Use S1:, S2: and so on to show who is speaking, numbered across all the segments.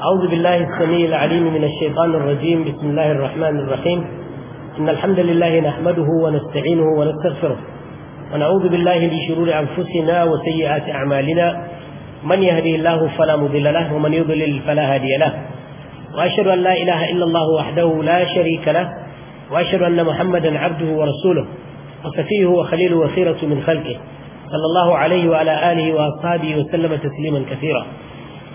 S1: أعوذ بالله السميع العليم من الشيطان الرجيم بسم الله الرحمن الرحيم إن الحمد لله نحمده ونستعينه ونستغفره ونعوذ بالله من شرور أنفسنا وسيئات أعمالنا من يهدي الله فلا مضل له ومن يضلل فلا هادي له وأشهد أن لا إله إلا الله وحده لا شريك له وأشهد أن محمدا عبده ورسوله وصفيه وخليله وخيرة من خلقه صلى الله عليه وعلى آله وأصحابه وسلم تسليما كثيرا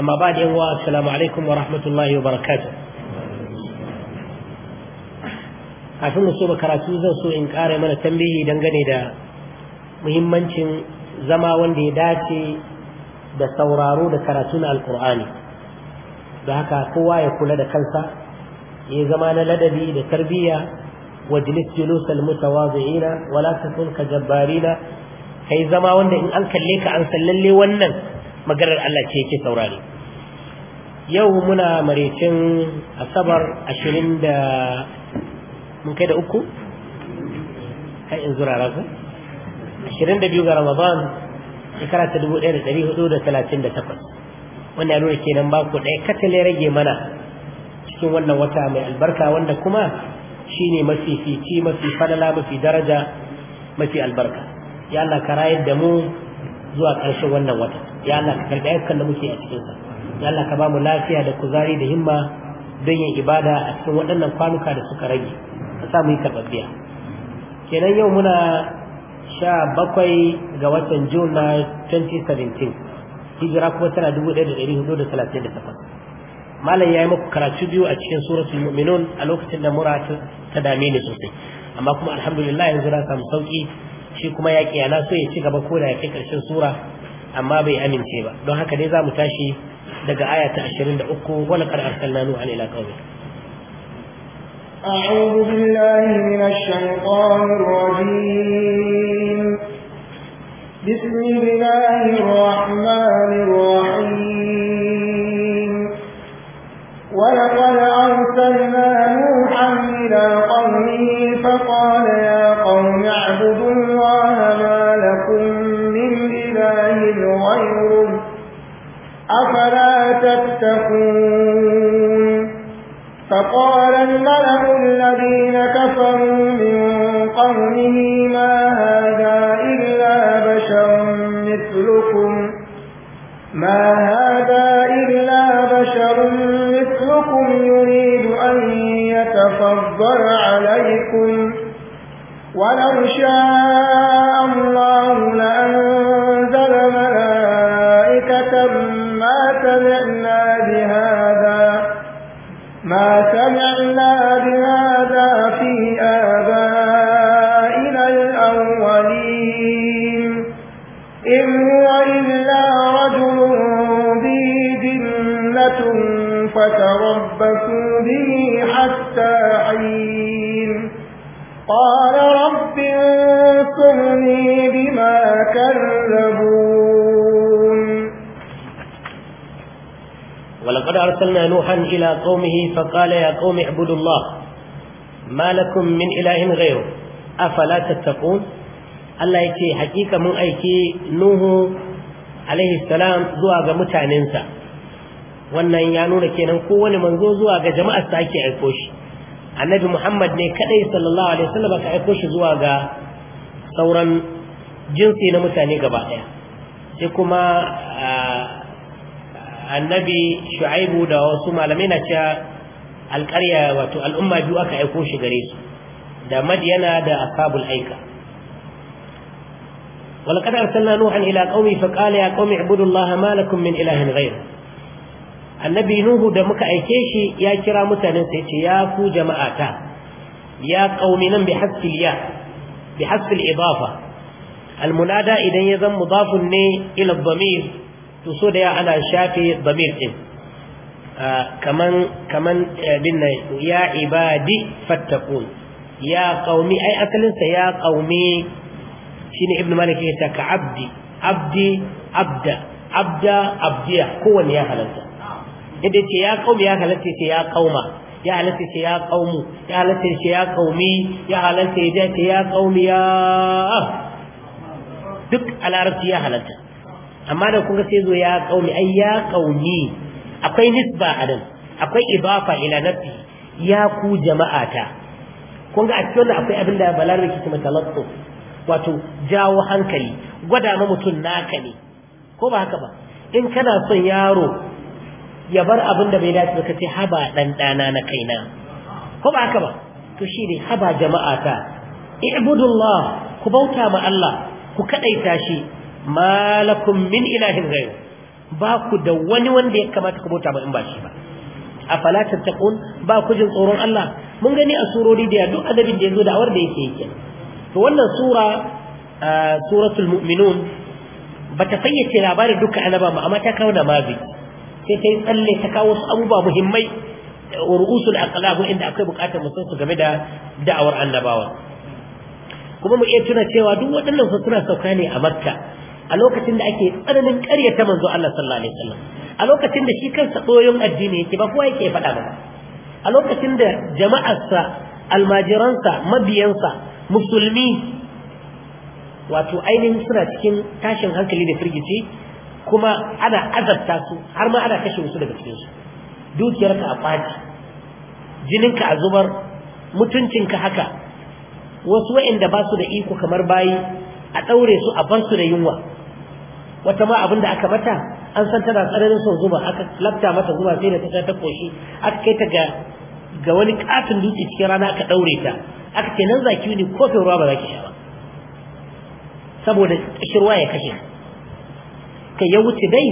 S1: amma ba da yanwa assalamu alaikum wa rahmatullahi wa barakatuh kafin mu so ba karatu zan so in ƙara mana tambayi dangane da muhimmancin zama wanda ya dace da sauraro da karatu na alkur'ani da haka kowa ya kula da kansa ya zama na ladabi da tarbiyya wajlis julusal mutawazi'ina wala takun ka jabbarina kai zama wanda in an kalle ka an san lalle wannan maganar Allah ce yake saurare yau muna maraicin asabar ashirin da mun kai da uku kai in zura rasu ashirin da biyu ga ramadan shekara ta dubu ɗaya da ɗari hudu da talatin da takwas wanda ya nuna kenan ba ku ɗaya katale rage mana cikin wannan wata mai albarka wanda kuma shine mafi fici mafi falala mafi daraja mafi albarka ya Allah ka rayar da mu zuwa ƙarshen wannan wata ya Allah ka karɓi ayyukan da muke a cikinsa Allah ka bamu lafiya da kuzari da himma don yin ibada a cikin waɗannan kwanuka da suka rage ka sa mu yi karɓaɓɓiya kenan yau muna sha bakwai ga watan Jun 2017 hijira kuma tana dubu ɗaya da da da ɗari takwas malam ya yi muku karatu biyu a cikin suratul mu'minun a lokacin da mura ta dame ni sosai amma kuma alhamdulillah yanzu na samu sauki shi kuma ya kiyana so ya ci gaba ko da ya kai ƙarshen sura amma bai amince ba don haka dai za mu tashi daga aya ta 23 wala qad arsalna nuha ila qaumi
S2: أعوذ بالله من الشيطان الرجيم بسم الله الرحمن الرحيم ولقد أرسلنا نوحا إلى قومه فقال يا فقال الملأ الذين كفروا من قومه ما هذا إلا بشر مثلكم ما هذا إلا بشر مثلكم يريد أن يتفضل عليكم ولو شاء فتربصوا به حتى حين قال رب انصرني بما كذبون
S1: ولقد أرسلنا نوحا إلى قومه فقال يا قوم اعبدوا الله ما لكم من إله غيره أفلا تتقون Allah ya ce hakika mun aiki Nuhu alaihi salam zuwa ga mutanensa wannan ya nuna kenan kowane manzo zuwa ga jama'ar sa ake aiko shi annabi muhammad ne kadai sallallahu alaihi wasallam ka aiko shi zuwa ga sauran jinsi na mutane gaba daya sai kuma annabi shu'aibu da wasu malamai na cewa alƙarya wato al'umma biyu aka aiko shi gare su da madiyana da ashabul aika ولقد أرسلنا نوحا إلى قومه فقال يا قوم اعبدوا الله ما لكم من إله غيره annabi nuhu da muka aike shi ya kira mutanen sai ce ya ku jama'ata ya qaumi nan bi hasfil ya bi hasfil idafa al munada idan ya zan mudafun ne ila dhamir to so da ya ana shafe dhamir din kaman kaman eh, binna ya ibadi fattaqun ya qaumi ai asalin sa ya qaumi shine ibnu malik ya ta ka abdi abdi abda abda abdiya kowanne ya halarta yadda ce ya kaumi ya halatta ce ya kauma, ya halatta ce ya kaumu, ya halatta ce ya kaumi ya halatta ya ce ya kaumi ya duk a larabci ya halatta amma da kun ga sai zo ya kaumi ai ya kaumi akwai nisba a nan akwai ibafa ila nafsi ya ku jama'ata kun ga a cikin wannan akwai abin da balar ke kuma talatto wato jawo hankali gwada ma mutum naka ne ko ba haka ba in kana son yaro ya bar abin da bai dace ba kace haba dan dana na kaina ko ba haka ba to shine haba jama'a ta i'budullah ku bauta ma Allah ku kadaita shi malakum min ilahin ghayr ba ku da wani wanda ya kamata ku bauta ma in ba shi ba afala tattaqun ba ku jin tsoron Allah mun gani a surori da duk adabin da yazo da awar da yake yake to wannan sura suratul mu'minun bata fayyace labarin duka annaba amma ta kawo da mazi sai ta yi tsalle ta kawo wasu abubuwa muhimmai ru'usul aqlab inda akwai bukatar musu su game da da'awar annabawa kuma mu iya tuna cewa duk waɗannan su suna sauka ne a makka a lokacin da ake tsananin ta manzo Allah sallallahu alaihi wasallam a lokacin da shi kansa tsoyon addini yake ba kowa yake faɗa ba a lokacin da jama'arsa almajiransa mabiyansa musulmi wato ainihin suna cikin tashin hankali da firgici kuma ana azabta su har ma ana kashe su daga cikinsu dukiyarka a jinin ka a zubar mutuncinka haka wasu wa'inda ba su da iko kamar bayi a ɗaure su a bar su da yunwa wata ma abin da aka mata an san tana tsananin son zuba aka lafta mata zuba sai da ta ta koshi aka kai ta ga ga wani katin dutse cikin rana aka ɗaure ta aka ce nan zaki ne kofin ruwa ba za ki ba saboda kishirwa ya kashe haka ya wuce dai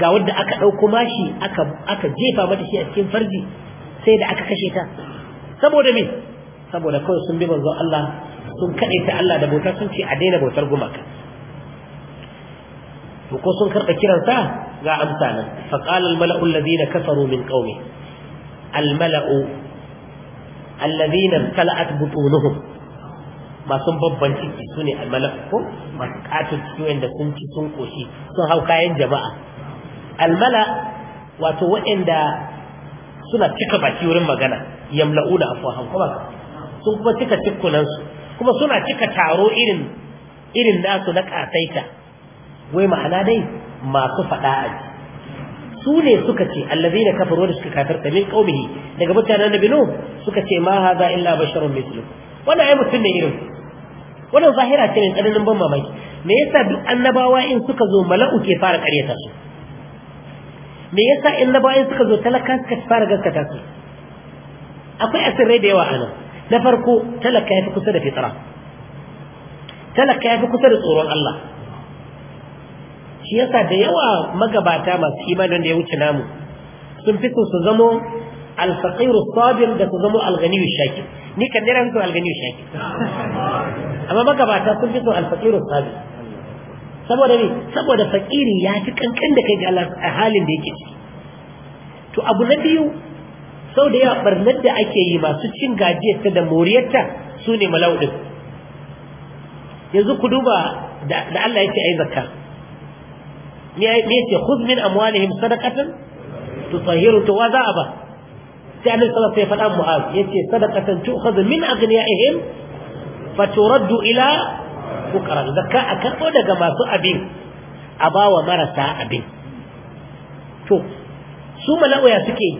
S1: ga wadda aka ɗauko mashi aka jefa mata shi a cikin farji sai da aka kashe ta saboda me saboda kawai sun bi manzon Allah sun ta Allah da bauta sun ce a daina bautar gumaka to ko sun karɓa kiransa ga amsa nan fa qala al mala'u alladhina kafaru min qaumi al mala'u alladhina tala'at butunuhum masu babban ciki su ne almalak ko masu katon ciki wanda sun ci sun koshi sun hau kayan jama'a almala wato waɗanda suna cika baki wurin magana yamla'una afwahan kuma sun kuma cika cikkunan su kuma suna cika taro irin irin nasu na kasaita wai ma'ana dai masu faɗa aji su ne suka ce allazi da kafaru da suka kafirta min kaumihi daga mutanen nabi nuh suka ce ma haza illa basharun mislukum wannan ai mutum ne irin wannan zahira ce ne tsananin ban mamaki me yasa duk annabawa in suka zo mala'u ke fara karyata su me yasa annabawa in suka zo talaka suka fara gaskata su akwai asirrai da yawa a nan na farko talaka ya fi kusa da fitra talaka ya fi kusa da tsoron Allah shi yasa da yawa magabata masu imanin da ya wuce namu sun fi su zamo الفقير الصابر da ku zama alganiyu shakir ni kan dai ranku alganiyu shakir amma magabata sun fi so alfaqir sabir saboda ne saboda fakiri ya fi kankan da kai ga a halin da yake ciki to abu na biyu sau da yawa barnar da ake yi masu cin gajiyarta da moriyarta su ne mala'udin yanzu ku duba da Allah ya ce ai zakka me ya ce khudh min amwalihim sadaqatan tutahhiru to wa za a ba sai annabi sallallahu faɗa wasallam ya faɗa mu'az yace sadaqatan tu'khadhu min aghniyaihim faturaddu ila fuqara zakka a karɓo daga masu abin a bawa marasa abin to su mala'uya suke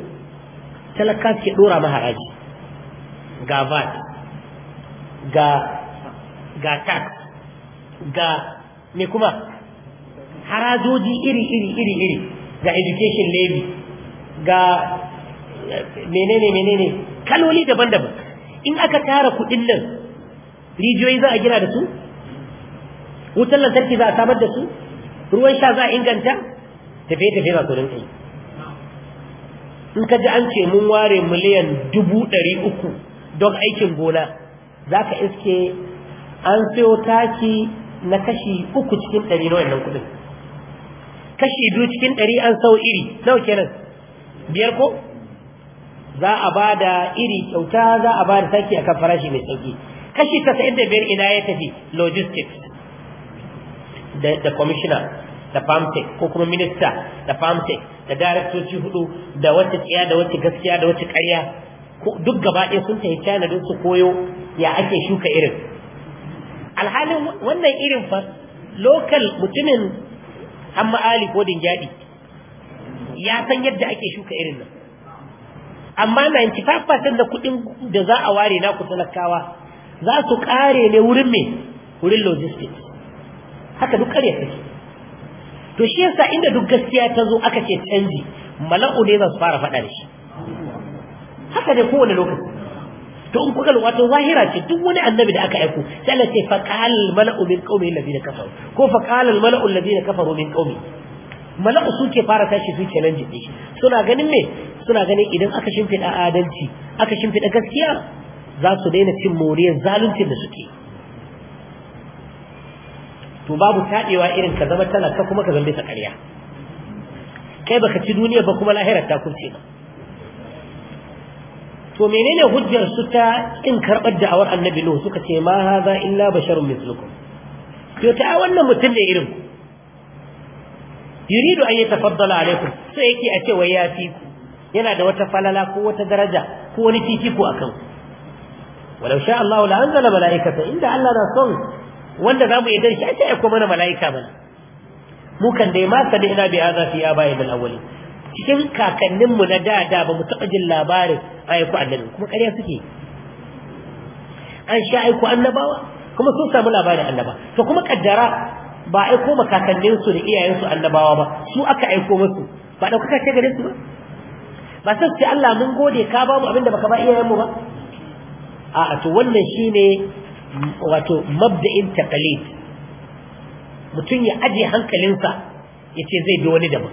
S1: talaka suke dora haraji. ga vat ga ga tax ga me kuma harajoji iri iri iri iri ga education levy ga menene menene kaloli daban-daban in aka tara kuɗin nan rijiyoyi za a gina da su wutar lantarki za a samar da su ruwan sha za a inganta tafiye-tafiye ba kudin kai in ka ji an ce mun ware miliyan dubu ɗari uku don aikin gona za ka iske an sayo taki na kashi uku cikin ɗari na wannan kudin kashi biyu cikin ɗari an sau iri nawa kenan biyar ko za a ba da iri kyauta za a ba da saki akan farashi mai sauki kashi biyar ina ya tafi logistics da da commissioner da tech ko kuma minister da tech da daraktoci hudu da wata tsiya da wata gaskiya da wata ƙarya duk gaba ɗaya sun tafi China don su koyo ya ake shuka irin alhalin wannan irin fa local mutumin amma ali ko dingyadi ya san yadda ake shuka irin nan amma 95% da kuɗin da za a ware na ku talakawa za su kare ne wurin me wurin logistics haka duk kare take to shi yasa inda duk gaskiya ta zo aka ce canji mala'u ne za su fara faɗa shi
S3: haka ne kowane
S1: lokaci to in kuka wato zahira ce duk wani annabi da aka aiko sai Allah ce faqal mala'u min qaumi alladhina kafaru ko faqal mala'u alladhina kafaru min qaumi mala'u suke fara tashi su challenge din shi suna ganin me suna ganin idan aka shimfiɗa adalci aka shimfiɗa gaskiya za su daina cin moriyar zaluncin da suke to babu taɗewa irin ka zama talaka kuma ka zambe ta ƙarya kai baka ci duniya ba kuma lahirar ta kurce ba to menene hujjar su ta in karɓar da'awar annabi nuhu suka ce ma haza illa basharun mislukum to ta wannan mutum ne irin ku yuridu an yatafaddala alaikum sai yake a ce wai ya fi ku yana da wata falala ko wata daraja ko wani fifiko a kan walau sha Allah la anzala mala'ikata inda Allah na son wanda zamu yi dan shi a ce ko mana mala'ika mana mu kan dai ma sami ina bi hadha fi abai bil awwali cikin kakannin mu na da da ba mu taɓa jin labarin ayyuka annabi kuma ƙarya suke an sha aiko annabawa kuma sun samu labarin annaba to kuma kaddara ba aiko makakannin su da iyayen su annabawa ba su aka aiko musu ba ɗaukaka ce gare su ba ba sai ce Allah mun gode ka ba mu abin da baka ba iyayen mu ba a to wannan shine wato mabda'in taqlid mutum ya aje hankalinsa ya ce zai bi wani daban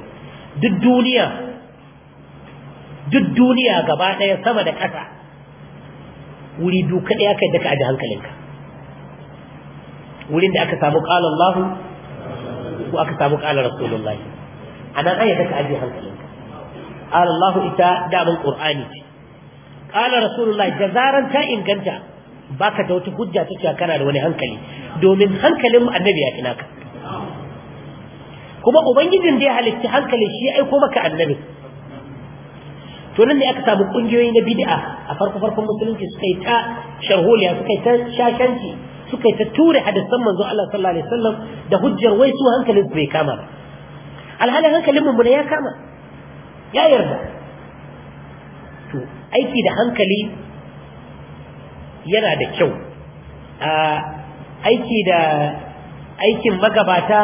S1: duk duniya duk duniya gaba ɗaya sama da ƙasa wuri duka daya kai da ka aje hankalinka wurin da aka samu ƙalallahu ko aka samu qala rasulullahi a nan ayyaka ka aje hankalinka قال الله ita daman القرآن قال رسول الله da zaran ta inganta baka da wata hujja ta cewa kana da wani hankali domin hankalin annabi ya tinaka kuma ubangijin da ya halitta hankali shi aiko maka annabi to nan ne aka samu kungiyoyi na bid'a a farko farkon musulunci suka yi ta sharholiya suka yi ta shashanci suka yi ta ture hadisan manzo Allah sallallahu alaihi wasallam da hujjar wai su hankalin bai kama alhalin hankalin mu ya kama ya yarda to aiki da hankali yana da kyau a aiki da aikin magabata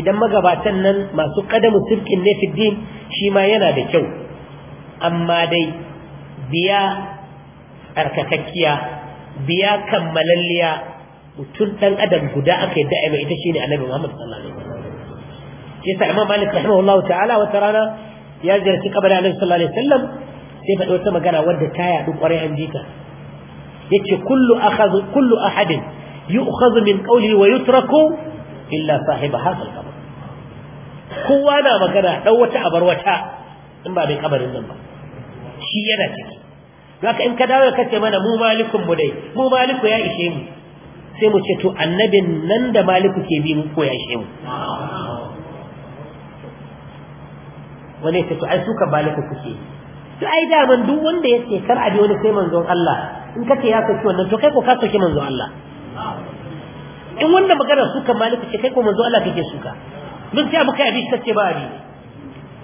S1: idan magabatan nan masu kadamu sirkin ne fiddin shi ma yana da kyau amma dai biya tsarkakakkiya biya kammalalliya mutum dan adam guda aka yi aima ita shine annabi Muhammad
S3: sallallahu alaihi wasallam
S1: imam Malik rahimahullahu ta'ala wata rana ya ziyarci kabarin annabi sallallahu alaihi wasallam sai faɗi wata magana wadda ta yaɗu ƙwarai an jita yace kullu akhadhu kullu ahadin yu'khadhu min qawli wa yutraku illa sahiba hadha al-qabr kowa na magana dan wata abar wata in ba dai kabarin nan ba shi yana ciki haka in ka dawo ka ce mana mu malikun mu dai mu maliku ya ishe mu sai mu ce to annabin nan da maliku ke bi mu ko ya ishe mu wani ta to ai suka balika kuke to ai daman duk wanda ya ce kar a bi wani sai manzon Allah in kace ya soki wannan to kai ko ka soki manzon Allah in wanda magana suka malika ce kai ko manzon Allah kake suka mun sai muka shi kace ba abi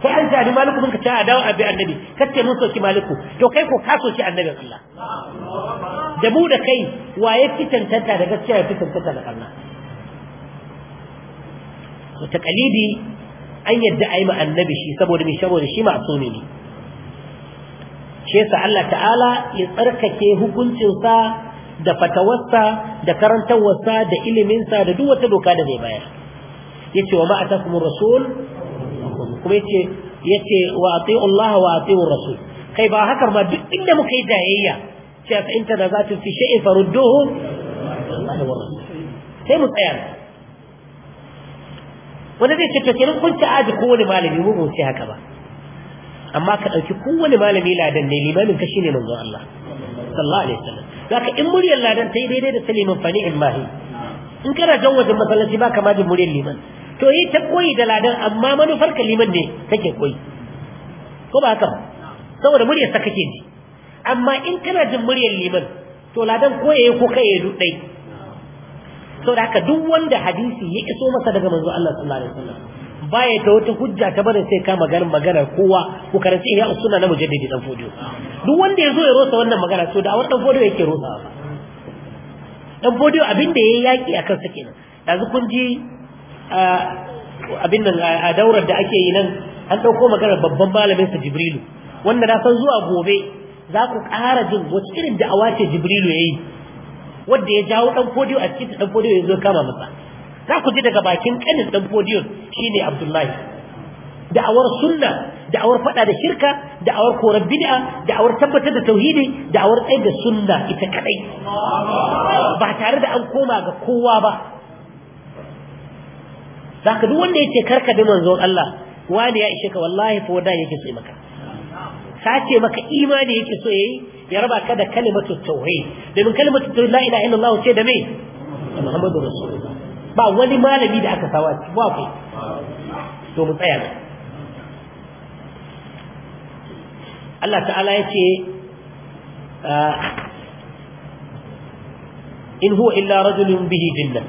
S1: kai an ji maliku mun kace a dawo abi annabi kace mun soki maliku to kai ko ka soki annabi Allah da mu da kai waye fitantanta da gaskiya ya da Allah to taqalidi an yadda a yi annabi shi saboda mai saboda shi masumi ne shi yasa Allah ta'ala ya tsarkake hukuncinsa da fatawarsa da karantarwarsa da iliminsa da duk wata doka da zai bayar yace wa ma kuma rasul kuma ya ce wa ati'u Allah wa ati'u rasul kai ba haka ba duk inda muka yi jayayya cewa in ta da za ta fi sai mu tsaya wani zai ce to kenan kun ci aji kowane malami mu sai haka ba amma ka dauki kowane malami ladan ne limamin ka shine manzo Allah sallallahu alaihi wasallam zaka in muryar ladan tai daidai da salimin fani imahi in kana jan wajen masallaci ba kama jin muryar liman to yi ta koyi da ladan amma manufar ka liman ne take koyi ko ba haka saboda muryar ta kake ji amma in kana jin muryar liman to ladan koyaye ko kai ya dudai saboda haka duk wanda hadisi ya iso masa daga manzo Allah sallallahu alaihi wasallam ya ta wata hujja ta bari sai ka maganar magana kowa ko karanci ya sunna na mujaddidi dan fodiyo duk wanda ya zo ya rosa wannan magana to da wannan fodiyo yake rosa dan fodiyo abin da yayi yaki akan sake kenan yanzu kun ji abin nan a daurar da ake yi nan an dauko magana babban malamin sa Jibrilu wanda na san zuwa gobe za ku ƙara jin wace irin da'awa ce Jibrilu yayi wanda ya jawo dan fodiyo a cikin dan fodiyo ya kama masa za ku ji daga bakin kanin dan shi shine Abdullahi da'awar sunna da'awar fada da shirka awar korar bid'a awar tabbatar da tauhidi da'awar tsaye da sunna ita kadai ba tare da an koma ga kowa ba zaka duk wanda yake karka bi manzon Allah wani ya ishe ka wallahi fa wanda yake sai maka sace maka imani yake so yayi ya raba ka da kalimatu tauhid domin kalimatu tauhid la ilaha illallah ce da me Muhammadu Rasulullah ba wani malami da aka sawa ba ku to mu tsaya nan Allah ta'ala ya ce ah, in huwa illa rajulun bihi jinna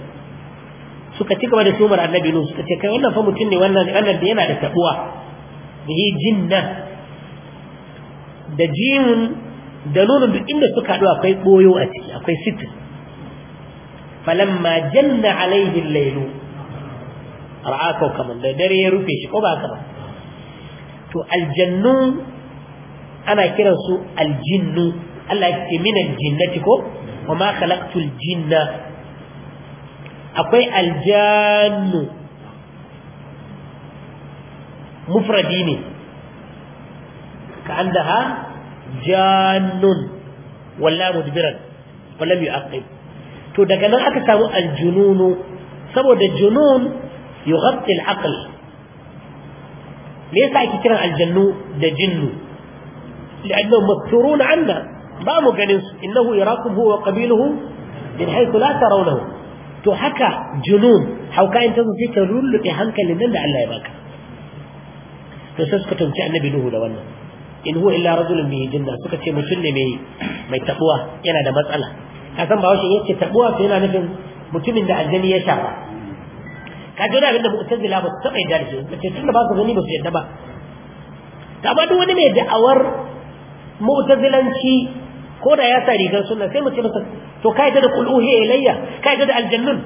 S1: suka ci gaba da sumar annabi nu suka ce kai wannan fa mutum ne wannan wannan da yana da tabuwa bihi jinna da jimin da nunun duk inda suka haɗu akwai ɓoyo a ciki akwai sitin falamma janna alaihi lailu ra'a kaman da dare ya rufe shi ko ba ka ba to aljannun ana kiransu aljinnu Allah ya ce min aljinnati ko wa ma jinna akwai aljannu mufradi ne كأنها جان ولا مدبرا ولم يعقب تو daga nan aka samu aljununu saboda junun yughatti alaql me yasa ake kiran aljannu da jinnu لأنهم مستورون عنا ما مجنس إنه يراكم هو وقبيله من حيث لا ترونه to haka junun hauka in ta zo sai ta rulluɗe hankalin nan da Allah ya baka to sai suka tunci annabi Nuhu da wannan in huwa illa rajulun bihi jinna suka ce mutum ne mai mai tabuwa yana da matsala kasan ba washin yace tabuwa sai yana nufin mutumin da aljani ya shafa ka abin da abinda mu'tazila ba su taba yadda shi ba ce tunda ba su gani ba su yadda ba ta ba duk wani mai da'awar mu'tazilanci ko da ya sa rigar sunna sai mu ce masa to ka yadda da qul uhiya ilayya ka yadda da aljannun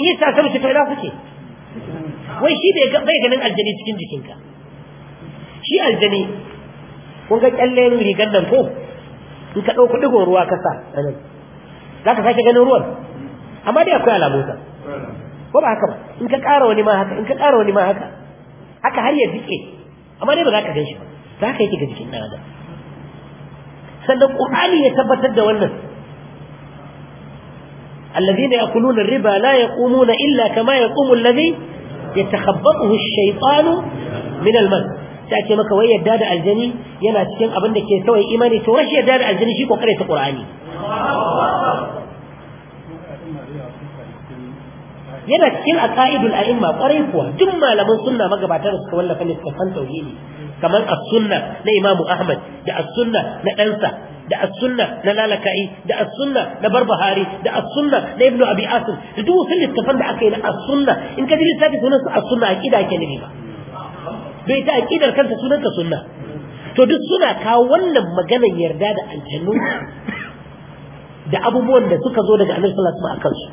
S1: yi ta sai mu ce to ina kuke wai shi bai ganin aljani cikin jikinka shi aljani kun ga kyallen rigar nan ko in ka ɗauki ɗigon ruwa ka sa anan za ka sake ganin ruwan amma dai akwai alamu ta ko ba haka ba in ka ƙara wani ma haka in ka ƙara wani ma haka haka har ya jike amma dai ba za ka gan shi ba za ka yi ga jikin ɗan adam sannan ƙur'ani ya tabbatar da wannan الذين يأكلون الربا لا يقومون إلا كما يقوم الذي يتخبطه الشيطان من المس sai ake maka wai yadda da aljani yana cikin abin da ke kawai imani to rashin yadda da aljani shi kokare ta qur'ani
S3: yana cikin aqaidul a'imma
S1: kwarai kuwa duk malaman sunna magabata da suka wallafa littafan tauhidi kamar as-sunna na imamu ahmad da as-sunna na ɗansa da as-sunna na lalaka'i da as-sunna na barbahari da as-sunna na ibnu abi asim da duk wasu littafan da aka yi na as-sunna in ka ji littafi sunan su as-sunna aqida ke ne ba
S3: bai ta aqidar
S1: kanta sunanta sunna to duk suna kawo wannan maganar yarda da aljannu da abubuwan da suka zo daga annabi sallallahu alaihi wasallam akan su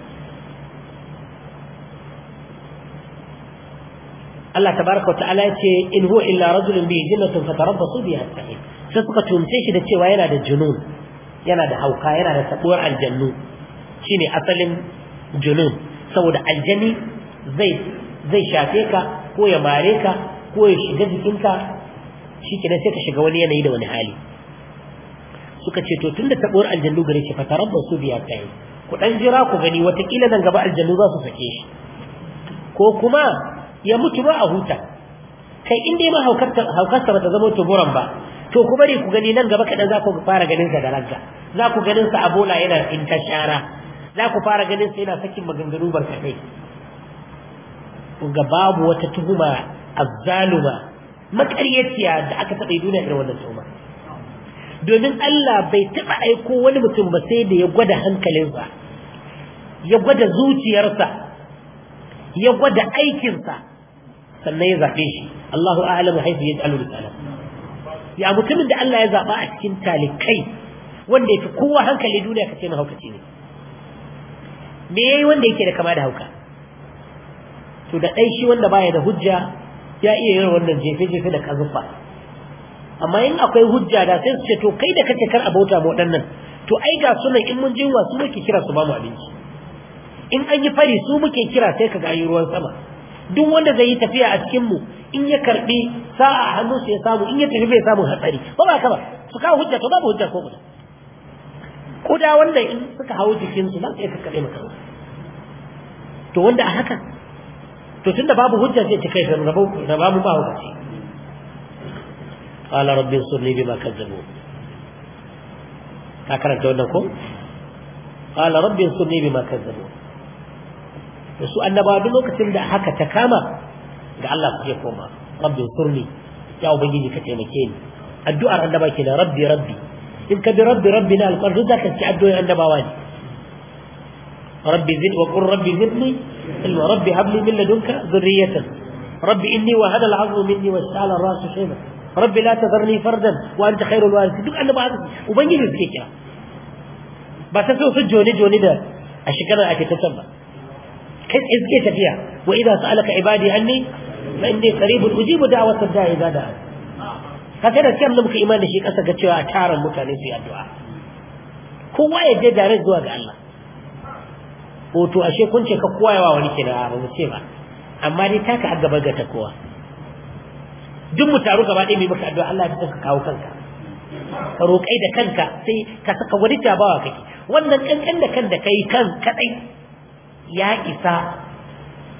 S1: Allah tabaraka wa ta'ala ce in huwa illa rajulun bi jinnatun fatarabbasu bi hatta sai suka tumce shi da cewa yana da junun yana da hauka yana da sabuwar aljannu shine asalin junun saboda aljani zai zai shafe ka ko ya mare ka ko ya shiga jikinka shi kenan sai ka shiga wani yanayi da wani hali suka ce to tunda tabuwar aljannu gare shi fatarabba su biya kai ku dan jira ku gani watakila nan gaba aljannu za su sake shi ko kuma ya mutu ba a huta kai in dai ma haukarsa ba ta zama tuburan ba to ku bari ku gani nan gaba kaɗan za ku fara ganin sa da ragga za ku ganin sa abola yana in ta shara za ku fara ganin sa yana sakin maganganu barkatai ga babu wata tuhuma azzaluma makaryaciya da aka taɓa yi duniya irin wannan tauma domin Allah bai taɓa aiko wani mutum ba sai da ya gwada hankalinsa ya gwada zuciyarsa ya gwada aikinsa sannan ya zaɓe shi Allahu a'lamu haifu ya ja'alu risala ya mutumin da Allah ya zaɓa a cikin talikai wanda ya fi kowa hankali duniya ka ce mahaukaci ne me yayi wanda yake da kama da hauka to da ɗai shi wanda baya da hujja ya iya yin wannan jefe-jefe da kazuffa amma in akwai hujja da sai su ce to kai da kace kar abota mu waɗannan to ai ga sunan in mun jiwa su muke kira su ba mu abinci in an yi fari su muke kira sai ka ga yi ruwan sama duk wanda zai yi tafiya a cikin mu in ya karbi sa'a a hannun su ya samu in ya tafi bai samu hatsari ba ba ka ba su kawo hujja to babu hujja ko ba. kuda wanda in suka hawo jikin su ba sai ka kaɗe maka to wanda a haka to tunda babu hujja sai ci kai rabu da babu ba hujja qala rabbi surni bima kazzabu ka karanta wannan ko qala rabbi surni bima kazzabu to su annaba duk lokacin da haka ta kama ga Allah ku ya koma rabbi surni ya ubangiji ka taimake ni addu'ar annaba ke da rabbi rabbi in ka bi rabbi rabbi na alƙarfi za ka ci addu'ar annaba wani rabbi zid wa qur rabbi zidni إلا ربي هب لي من لدنك ذرية ربي إني وهب العظم مني واستعلى الرأس شيما ربي لا تذرني فردا وأنت خير الوارث دوك أنا بعد وبني له الكيكة بس أسوي في الجوني جوني ده أشكرا أتي تسمى كيف إزكيت فيها وإذا سألك عبادي عني فإني قريب أجيب دعوة الداع إذا دعا فكذا كم نمك إيمان الشيء أسكت شوى أتعرى المتعني في الدعاء هو كواية جدا رزوة الله hoto ashe kun ce ka koyawa wani da ba mu ce ba amma dai taka a gaba ga ta kowa duk mu taru gaba ɗaya mai maka addu'a Allah ya ka kawo kanka ka roƙai da kanka sai ka saka wani tabawa kake wannan kankan da kan da kai kan kadai ya isa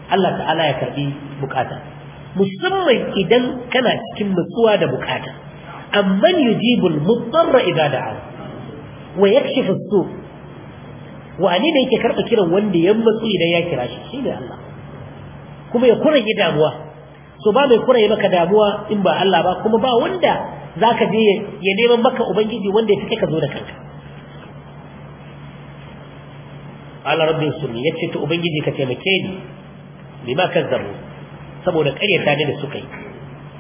S1: Allah ta'ala ya karbi bukata musamman idan kana cikin nutsuwa da bukata amman yujibul mudarra idza da'a wa yakshifu su wane da yake karɓa kiran wanda ya matsu idan ya kira shi shi ne Allah kuma ya kurage damuwa so ba mai kurage maka damuwa in ba Allah ba kuma ba wanda za ka je ya neman maka ubangiji wanda ya fi ka zo da kanka Allah rabbi sunni ce ta ubangiji ka taimake ni bima kazzabu saboda ƙaryata ne da suka yi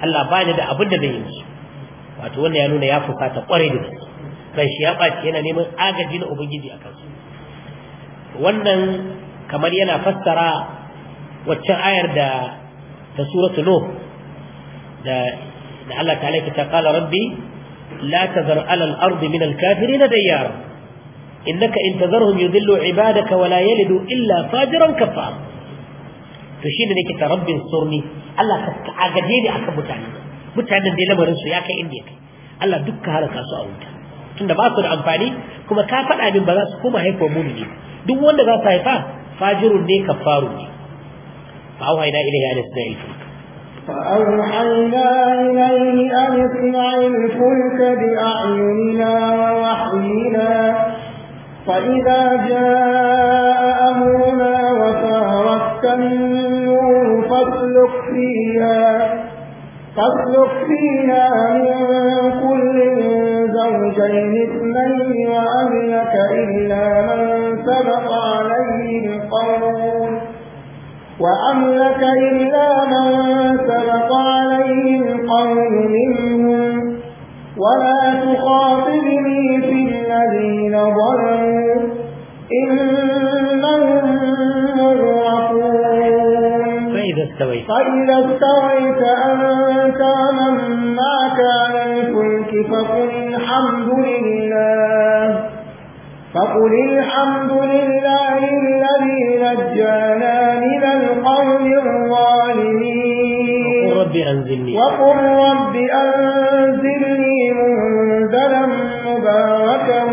S1: Allah ba da abin da zai yi musu wato wannan ya nuna ya fusata kwarai da gaske ran shi ya ɓaci yana neman agaji na ubangiji a kansu wannan kamar yana fassara waccan ayar da ta suratul nuh da da Allah ta'ala ke ta qala rabbi la tazar ala al-ard min al-kafirin dayyara innaka in tazarhum yudillu ibadaka wa la yalidu illa fajiran kafara to shine nake ta rabbin surni Allah ka agaje ni akan mutane mutanen da lamarin su ya kai inda kai Allah dukka halaka su a wuta tunda ba su da amfani kuma ka faɗa min ba za su kuma koma haifuwar mumini duk wanda za su haifa fajirun ne kafaru ne fa auhayna
S3: ilayhi an isma'a
S2: al-fulk fa auhayna ilayhi an isma'a al-fulk bi a'yunina wa wahyina فإذا جاء أمرنا وفارت النور فاسلك فيها فاسلك فيها من كل الزوجين اثنين وأهلك إلا من سبق عليه القول وأهلك إلا من سبق عليه القول منهم ولا تخاطبني في الذين ظلموا إنهم مرقون فإذا استويت فإذا استويت أنت ومن معك على الفلك فقل لله فقل الحمد لله الذي نجانا من القوم الظالمين وقل رب أنزلني منزلا مباركا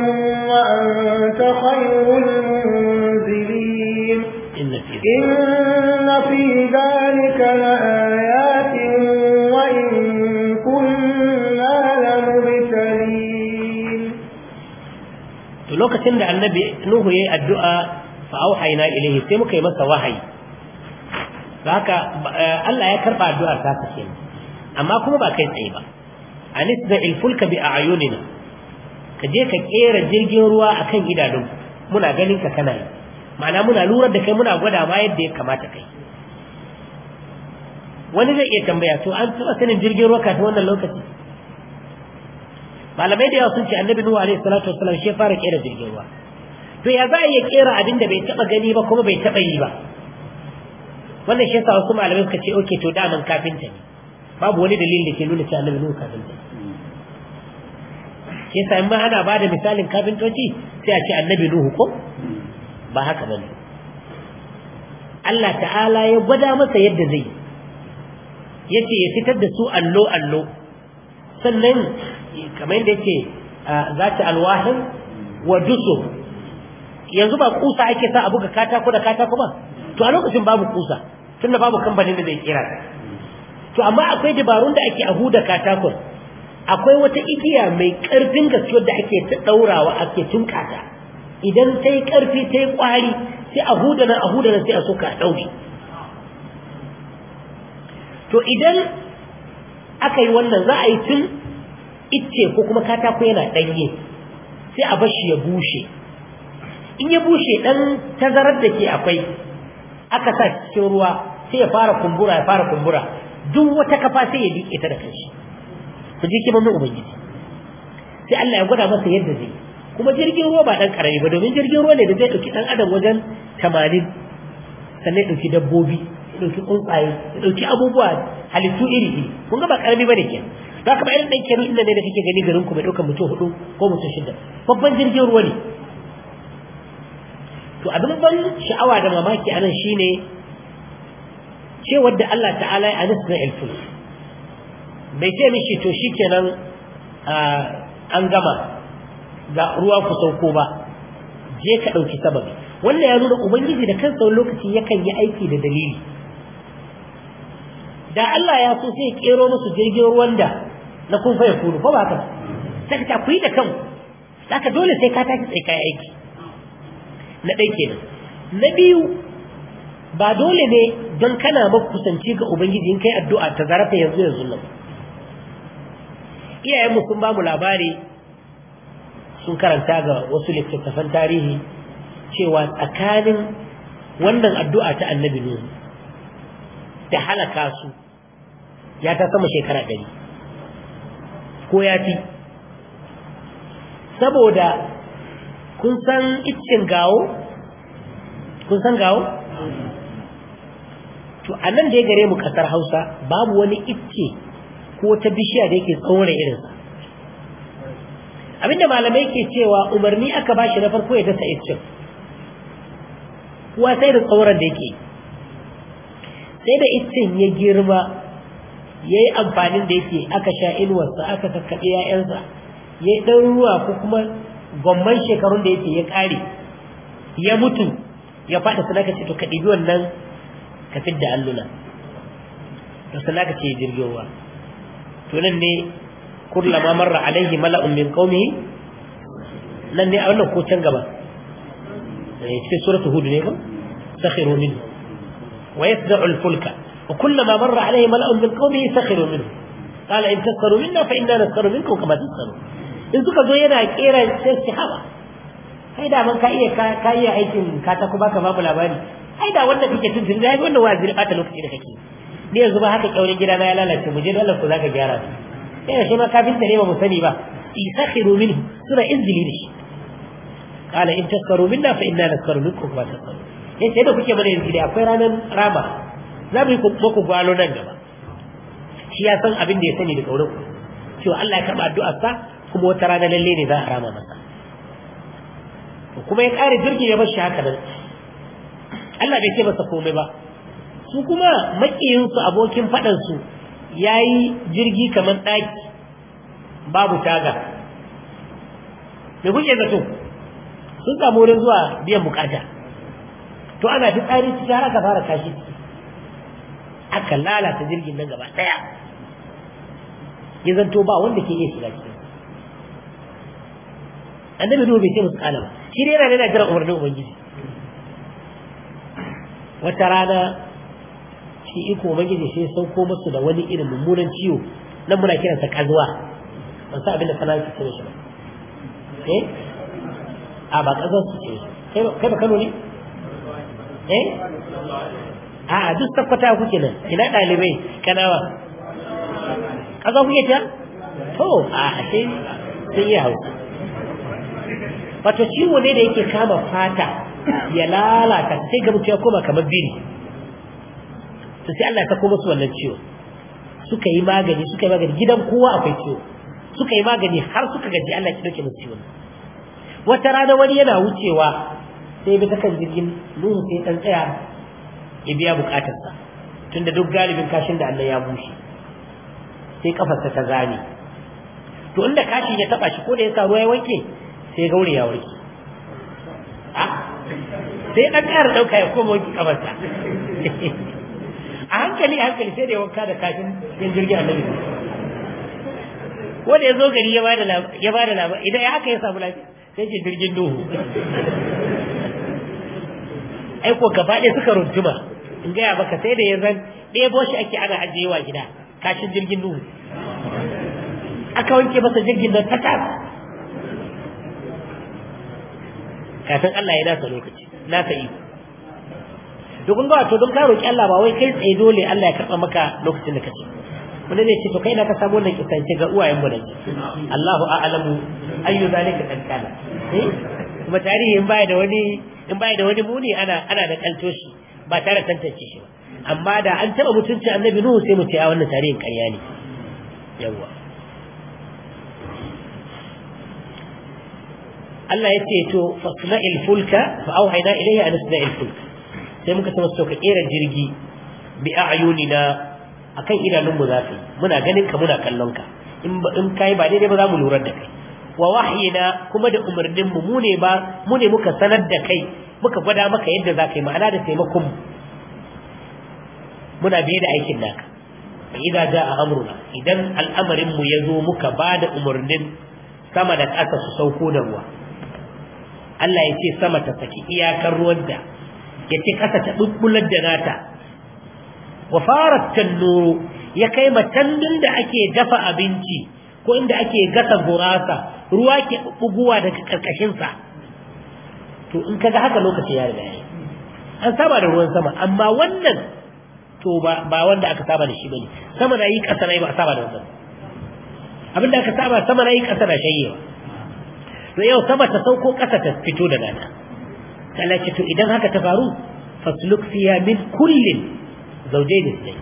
S2: وأنت خير المنزلين
S3: إن في
S1: lokacin da annabi nuhu ya yi addu'a fa auhayna ilihi sai muka yi masa wahayi haka eh, Allah ya karba addu'ar ta kace amma kuma ba kai tsaye ba da ilfulka bi a a'yunina ka je ka kera jirgin ruwa akan idanun muna ganin ka kana yi ma'ana muna lura da kai muna gwada ma yadda ya kamata kai wani zai iya tambaya to an taba sanin jirgin ruwa kafin wannan lokaci malamai da yawa sun ce annabi nuhu alaihi salatu salam shi ya fara kera jirgin ruwa to ya za a iya kera abin da bai taba gani ba kuma bai taba yi ba wannan shi yasa wasu malamai suka ce okay to daman kafinta ne babu wani dalilin da ke nuna cewa annabi nuhu kafinta shi yasa in ma ana ba da misalin kafintoci sai a ce annabi nuhu ko ba haka bane Allah ta'ala ya gwada masa yadda zai yace ya fitar da su allo allo sannan kamar yadda yake ta alwahin wa dusu yanzu ba kusa ake sa abu ga katako da katako ba to a lokacin babu kusa tunda babu kamfanin da zai kira to amma akwai dabarun da ake a huda katakon akwai wata igiya mai karfin gaske da ake ta daurawa ake tunkata idan ta yi karfi ta kwari sai a huda nan a huda nan sai a soka a daure to idan aka yi wannan za a yi tun icce ko kuma katako yana ɗanye sai a bashi ya bushe in ya bushe ɗan tazarar da ke akwai aka sa cikin ruwa sai ya fara kumbura ya fara kumbura duk wata kafa sai ya dike ta da kanshi ku ji a ban ubangiji sai Allah ya gwada masa yadda zai kuma jirgin ruwa ba dan karami ba domin jirgin ruwa ne da zai dauki dan adam wajen 80 sannan dauki dabbobi dauki tsuntsaye dauki abubuwa halittu iri iri kun ga ba karami bane kenan za ka ba irin ɗan kenan inda da kake gani garin ku mai ɗaukar mutum hudu ko mutum shida babban jirgin ruwa ne to abin ban sha'awa da mamaki a nan shine cewar da Allah ta'ala ya anas na bai ce mishi to shi kenan an gama ga ruwa ku sauko ba je ka ɗauki sababi wannan ya nuna ubangiji da kansa wani lokaci yakan yi aiki da dalili da Allah ya so sai ya kero musu jirgin ruwan da na kun fa kuru ko ba haka sai ka kuyi da kanku haka dole sai ka tafi sai ka aiki na ɗai kenan na biyu ba dole ne don kana kusanci ga ubangiji in kai addu'a ta zarafa yanzu yanzu nan iyayenmu sun ba mu labari sun karanta ga wasu littattafan tarihi cewa tsakanin wannan addu'a ta annabi nuhu da halaka su ya ta sama shekara ɗari ko ya fi saboda kun san iccen gawo kun san gawo to a nan da ya gare mu kasar hausa babu wani icce ko ta bishiya da yake tsawon irin abinda malamai ke cewa umarni aka bashi na farko ya dasa iccen kuwa sai da tsoron da yake sai da iccen ya girma yayi amfanin da yake aka sha inuwarsa aka kakkaɓe ya'yansa yayi ɗan ruwa ko kuma gomman shekarun da yake ya ƙare ya mutu ya faɗa sana ka ce to ka ɗibi wannan ka fidda alluna to sana ka ce jirgin ruwa to nan ne ma marra alaihi mala'un min qaumihi nan ne a wannan ko can gaba eh, cikin suratu hud ne ba sakhiru min wa yasda'u al-fulka وكلما مر عليه ملأ من قومه سخروا منه قال إن تسخروا منا فإنا نسخر منكم كما تسخرون إن suka zo yana kera sai hawa kai da man ka iya ka iya aikin ka ta kuma ka babu labari ai da wanda kake tuntun da wanda wa zira bata lokaci da kake ne yanzu ba haka kyaurin gida na ya lalace mu je Allah ku zaka gyara su sai shi ma kafin da ne ba mu sani ba isakhiru minhu suna inzili da shi qala in taskaru da kuke mana yanzu akwai ranar rama za mu yi ku gwalo nan gaba shi ya san abin da ya sani da kaurin cewa Allah ya karɓa addu'ar sa kuma wata rana lalle ne za a rama masa kuma ya kare jirgin ya bar shi haka nan Allah bai ce masa komai ba su kuma makiyinsu abokin faɗansu su yayi jirgi kamar ɗaki babu taga me kuke zato sun samu wurin zuwa biyan bukata to ana fi fitsari cikin har aka fara kashi aka lalata jirgin nan gaba daya ya zanto ba wanda ke iya shiga cikin annabi nuhu bai ce musu kala ba shi dai yana yana jiran umarnin ubangiji wata rana shi iko ubangiji sai sauko musu da wani irin mummunan ciwo nan muna kiransa kazuwa ban sa abin da fana su ce shi ba eh a ba kazuwa su ce kai ba kano ne eh a duk sakwata kuke nan ina ɗalibai kanawa kaza kuke ta to a ce sun yi hau. wato ciwo ne da yake kama fata ya lalata sai ga mutum ya koma kamar biri to sai Allah ya sako musu wannan ciwo suka yi magani suka yi magani gidan kowa akwai ciwo suka yi magani har suka gaji Allah ya dauke musu ciwon wata rana wani yana wucewa sai bi ta kan jirgin Nuhu sai dan tsaya ya biya bukatarsa tunda duk galibin kashin da Allah ya bushe sai kafarsa ta zame to inda kashi ya taba shi ko da ya sa ruwa ya wanke sai gauri ya warke
S3: a sai dan ƙara dauka ya koma wanke kafarsa a hankali
S1: a hankali sai da ya wanka da kashin yin jirgin annabi ko da ya zo gari ya bada ya bada labar idan ya haka ya samu lafiya sai ke jirgin duhu
S3: Aiko ko gaba ɗaya suka runtuma
S1: in gaya baka sai da ya zan ɗebo shi ake ana ajiye wa gida kashin jirgin nuhu aka wanke masa jirgin nan takas kafin Allah ya nasa lokaci nasa iko to kun ga wato don ka roki Allah ba wai kai tsaye dole Allah ya karba maka lokacin da kace wanda zai ce to kai na ka samu wannan kisance ga uwayen mu nan Allahu a'lamu ayyu zalika kankana eh kuma tarihi in baya da wani in baya da wani muni ana ana da kaltoshi ba tare da tantance shi ba. amma da an taba mutunci annabi nuhu sai mu ce a wannan tarihin ƙarya ne yawa Allah ya ce to fasna'il fulka fa auhayna ilayhi an asna'il fulka sai muka sama so ka kera jirgi bi a'yunina akan idanun mu zafi muna ganin ka muna kallon ka in in kai ba dai ba za mu lura da kai wa wahyina kuma da umarnin mu mu ne ba mu ne muka sanar da kai muka gwada maka yadda za ka yi ma'ana da taimakon muna biye da aikin naka idza jaa amruna idan al'amarin mu zo muka ba da umarnin sama da ƙasa su sauko da ruwa Allah ya ce sama ta saki iyakar ruwan da ya ce ƙasa ta bubbular da nata wa farat tannuru ya kai matandun da ake dafa abinci ko inda ake gasa gurasa ruwa ke buguwa daga karkashinsa to in kaga haka lokaci ya riga an saba da ruwan sama amma wannan to ba wanda aka saba da shi bane sama na yi kasa na yi ba a saba da wannan abinda aka saba sama na yi kasa na shayyewa to yau sama ta sauko kasa ta fito da rana Allah to idan haka ta faru fasluk fiya min kullin zaujain isnai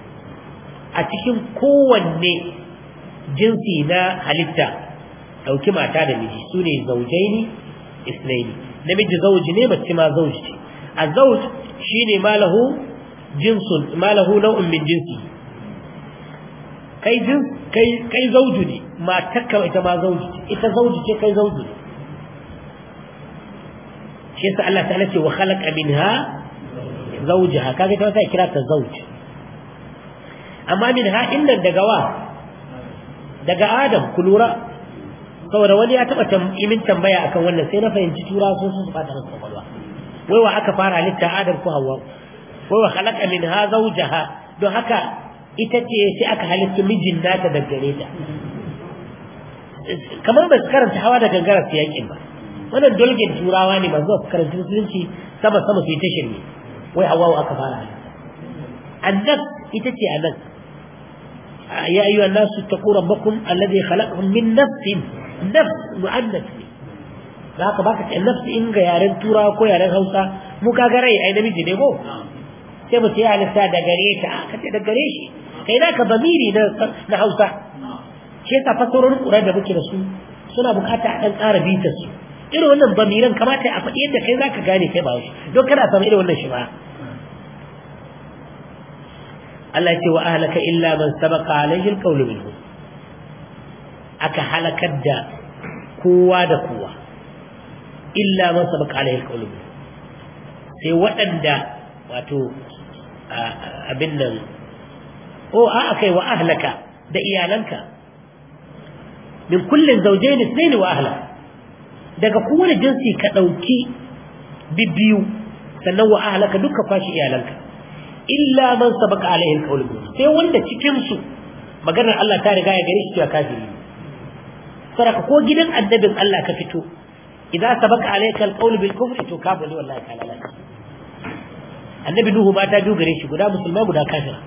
S1: a cikin kowanne jinsi na halitta ɗauki mata da miji su ne zaujai zaujaini isnaini namiji zauji ne mace ma zauji ce a zauj shi ne malahu jinsun malahu nau'in min jinsi kai jin kai kai zauju ne matar ka ita ma zauji ce ita zauji ce kai zauju ne shi yasa Allah ta'ala ce wa khalaqa minha zawjaha kaga ta wata kira ta zauj amma min ha inda daga wa daga adam ku lura saboda wani ya taɓa imin tambaya akan wannan sai na fahimci tura sun su fata rasu kwakwalwa wai wa aka fara halitta adam ko hawa wai wa khalaqa min ha zawjaha don haka ita ce sai aka halitta mijin nata da gare ta kamar ba su karanta hawa da gangara su yakin ba wannan dolgen turawa ne ba zuwa su karanta musulunci sama sama su yi ta shirme wai hawa aka fara halitta annan ita ce anan يا أيها الناس اتقوا ربكم الذي خلقهم من نفس نفس مؤنث da haka baka ce nafsi in ga yaren turawa ko yaren hausa mu ka garai ai namiji ne ko sai mutum ya halitta da gare ta ka ce da gare shi kai naka bamiri na hausa shi yasa fasarorin ƙurar da muke da su suna bukata a ɗan ƙara bitar su irin wannan bamiran kamata a faɗi yadda kai zaka gane kai ba shi don kada a samu irin wannan shi ba Allah ce wa ahlaka illa man sabaqa alaihi alqawlu minhu aka halakar da kowa da kowa illa man sabaqa alaihi alqawlu minhu sai waɗanda wato abin nan o oh, a akai wa ahlaka da iyalanka min kullin zawjayn ithnayn wa ahla daga kowane jinsi ka ɗauki bibiyu sannan wa ahlaka duka kwashi iyalanka illa man sabaka alaihi alqawl sai wanda cikin su maganar Allah ta riga ya gare shi ya kafiri saraka ko gidan annabin Allah ka fito idza sabaka alayka alqawl bil kufr to kafiri wallahi ka lalata annabi nuhu ba biyu gare shi guda musulma guda kafira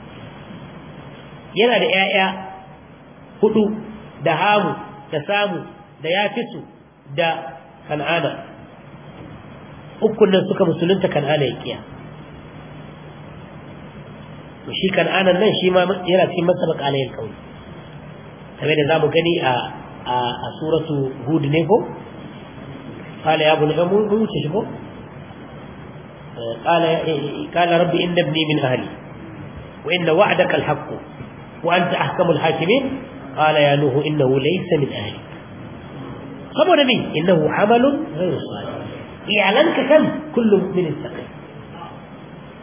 S1: yana da ƴaƴa hudu da hamu da samu da yafisu da kan'ana ukun nan suka musulunta kan'ana ya kiya to shi kan'anan nan shi ma yana cikin masabaq alayil qawl kamar da mu gani a suratu hud ne ko قال يا ابن عمر شوفوا قال قال ربي ان ابني من اهلي وان وعدك الحق وانت احكم الحاكمين قال يا نوح انه ليس من اهلي خبر به انه عمل غير صالح iyalanka kan kullum min istaqim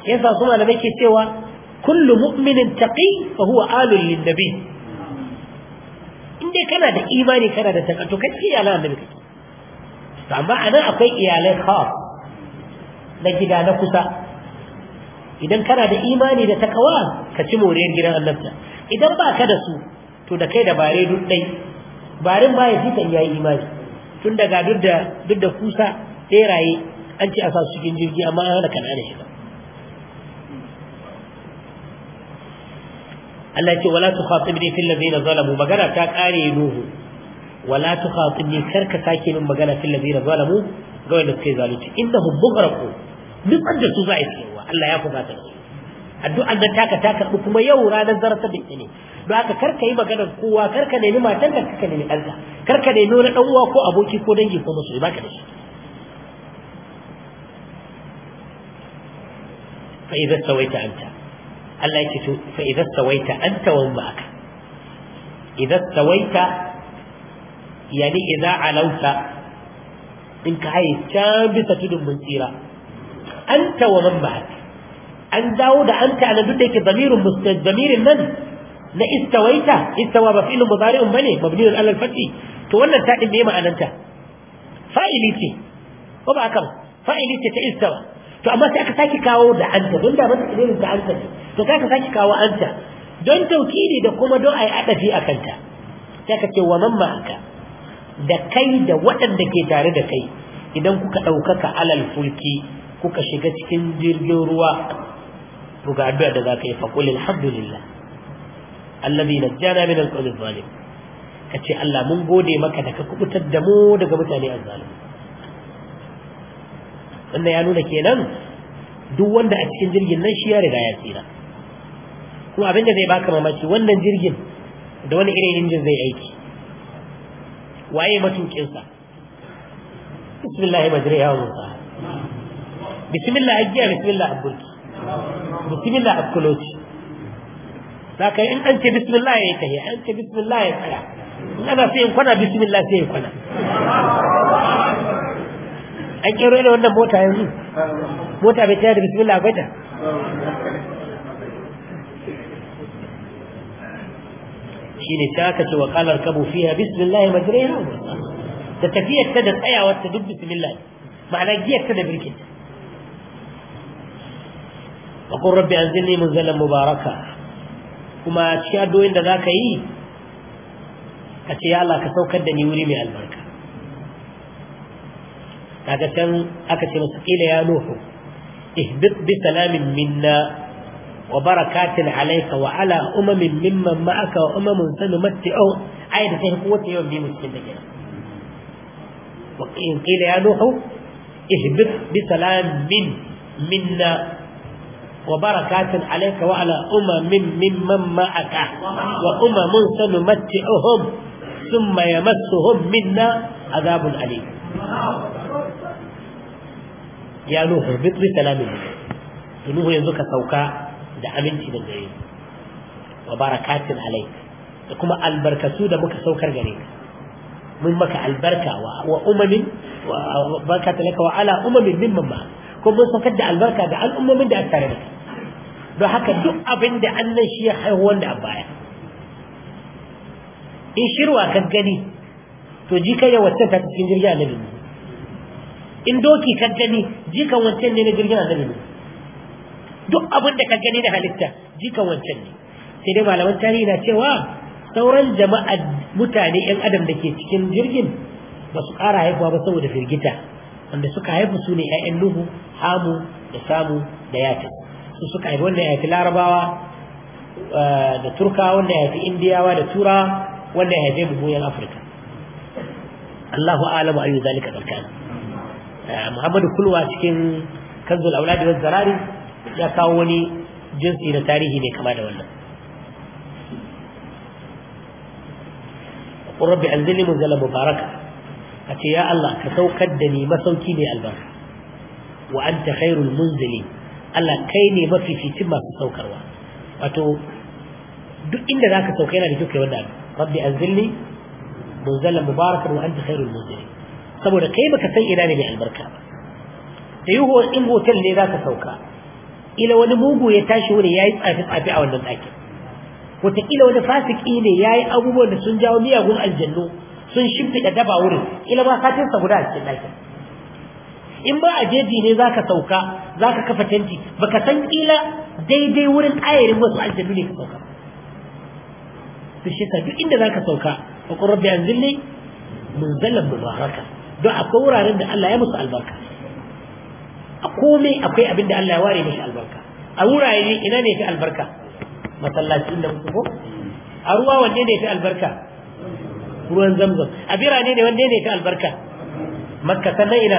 S1: yasa su malamai ke cewa Kullum mu'minin taqi fa huwa alul lin nabi in dai kana da imani kana da takato kai iyalan annabi kake to amma anan akwai iyalai khas na gida na kusa idan kana da imani da takawa ka ci moriyar gidan annabta idan ba ka da su to da kai da bare duk dai barin ba ya yayi imani tun daga duk da duk da kusa beraye an ce a sa su cikin jirgi amma an hana kana shi ba Allah ce wala tukhatibni fil ladina zalamu magana ta kare nuhu wala tukhatibni karka sake min magana fil ladina zalamu ga wanda suke zalunci innahum mughraqu duk da su za a yi Allah ya kuma ta su addu'ar da taka ta ku kuma yau ranar zarata da ne don haka karka yi maganar kowa karka nemi matan da karka nemi ɗanka karka nemi wani ɗan uwa ko aboki ko dangi ko masoyi baka da shi fa idza sawaita anta Allah yake to fa idza sawaita anta wa ma'aka idza sawaita yani idza alauta in ka haye can bisa tudun mun tsira anta wa man ma'aka an dawo da anta ana duk da yake zamirin zamirin nan na istawaita istawa ba fi'lun mudari'un bane mabniun ala al-fathi to wannan ta din me ma'ananta fa'ili ce ko ba akan fa'ili ce ta istawa to amma sai aka sake kawo da anta don da mata tsirin ta anta ne to kai ka sake kawo anta don taukidi da kuma don ayi adafi a kanta sai ka ce wa man ma'aka da kai da waɗanda ke tare da kai idan kuka ɗaukaka alal fulki kuka shiga cikin jirgin ruwa to ga addu'a da za ka yi faƙul alhamdulillah allazi najjana min alqawmi adh-dhalim kace Allah mun gode maka da ka kubutar da mu daga mutane azzalimi wannan ya nuna kenan duk wanda a cikin jirgin nan shi ya riga ya tsira kuma abin da zai baka mamaki wannan jirgin da wani irin injin zai aiki waye matukinsa bismillah majriya wa musa bismillah ajiya bismillah abulki bismillah abkuloci zaka in an ce bismillah ya yi tahiya an ce bismillah ya tsaya in ana sai in kwana bismillah sai ya kwana an kero irin wannan mota yanzu mota bai tayar da bismillah akwai ta ne ta kace wa kalar kabu fiha bismillah majriha ta tafiyar ta da tsayawar ta duk bismillah ma'ana giyar ta da birkin wa qur rabbi anzilni munzalan mubaraka kuma cikin doyin da zaka yi ka ce ya Allah ka saukar da ni wuri mai albarka kaga can aka ce masa kila ya nuhu ihbit bi salamin minna wa barakatin alayka wa ala umamin mimman ma'aka wa umamun sanumati'u ayata sai kowace yawan bi cikin da kenan wa qila ya nuhu ihbit bi salamin minna وبركات عليك وعلى أمم ممن معك وأمم سنمتعهم ثم يمسهم منا عذاب أليم ya nuhu bi bi salamin nuhu yanzu ka sauka da aminci da gare wa barakatin alai da kuma albarkatu da muka saukar gare ka mun maka albarka wa umamin wa barakatin laka wa ala umamin mimman ma ko mun saukar da albarka da al'ummomin da aka tare da don haka duk abin da annan shi ya haihu wanda a baya in shirwa ka gani to ji kai ya wacce ta cikin jirgin annabi in doki ka gani jikan wancan ne na jirgin annabi ne duk abin da ka gani na halitta jikan wancan ne sai dai malaman tarihi na cewa sauran jama'a mutane yan adam da ke cikin jirgin ba su ƙara haifuwa ba saboda firgita wanda suka haifu su ne 'ya'yan nuhu hamu da samu da yata su suka haifi wanda ya larabawa eh, da turka wanda ya haifi indiyawa da turawa, wanda ya haifi buhuyan afirka allahu alamu ayyu zalika tsakanin Eh, muhammadu kulwa cikin kanzul auladi wa zarari ya kawo wani jinsi na tarihi mai kama da wannan qur rabbi anzilni munzala mubaraka ce ya allah ka saukar da ni masauki mai albarka wa anta khairul munzilin allah kai ne mafificin masu saukarwa wato duk inda ka sauka yana da kyau kai wannan rabbi anzilni munzala mubaraka wa anta khairul munzilin saboda kai baka san ina ne mai albarka ba da yi in hotel ne za ka sauka ila wani mugu ya tashi wuri ya yi tsafi tsafi a wannan ɗakin wataƙila wani fasiki ne ya yi abubuwan da sun jawo miyagun aljannu sun shimfiɗa daba wurin ila ba katinsa guda a cikin ɗakin in ba a jeji ne za ka sauka za ka kafa tenti baka san ƙila daidai wurin ayarin wasu aljannu ne ka sauka to shi duk inda za ka sauka wa ƙurabbi an zille mun zallan mu mubaraka don akwai wuraren da Allah ya musu albarka a komai akwai abin da Allah ya ware mishi albarka a wurare ne ina ne fi albarka masallaci da musu ko a ruwa wanne ne fi albarka ruwan zamzam a birane ne wanne ne fi albarka makka sannan ina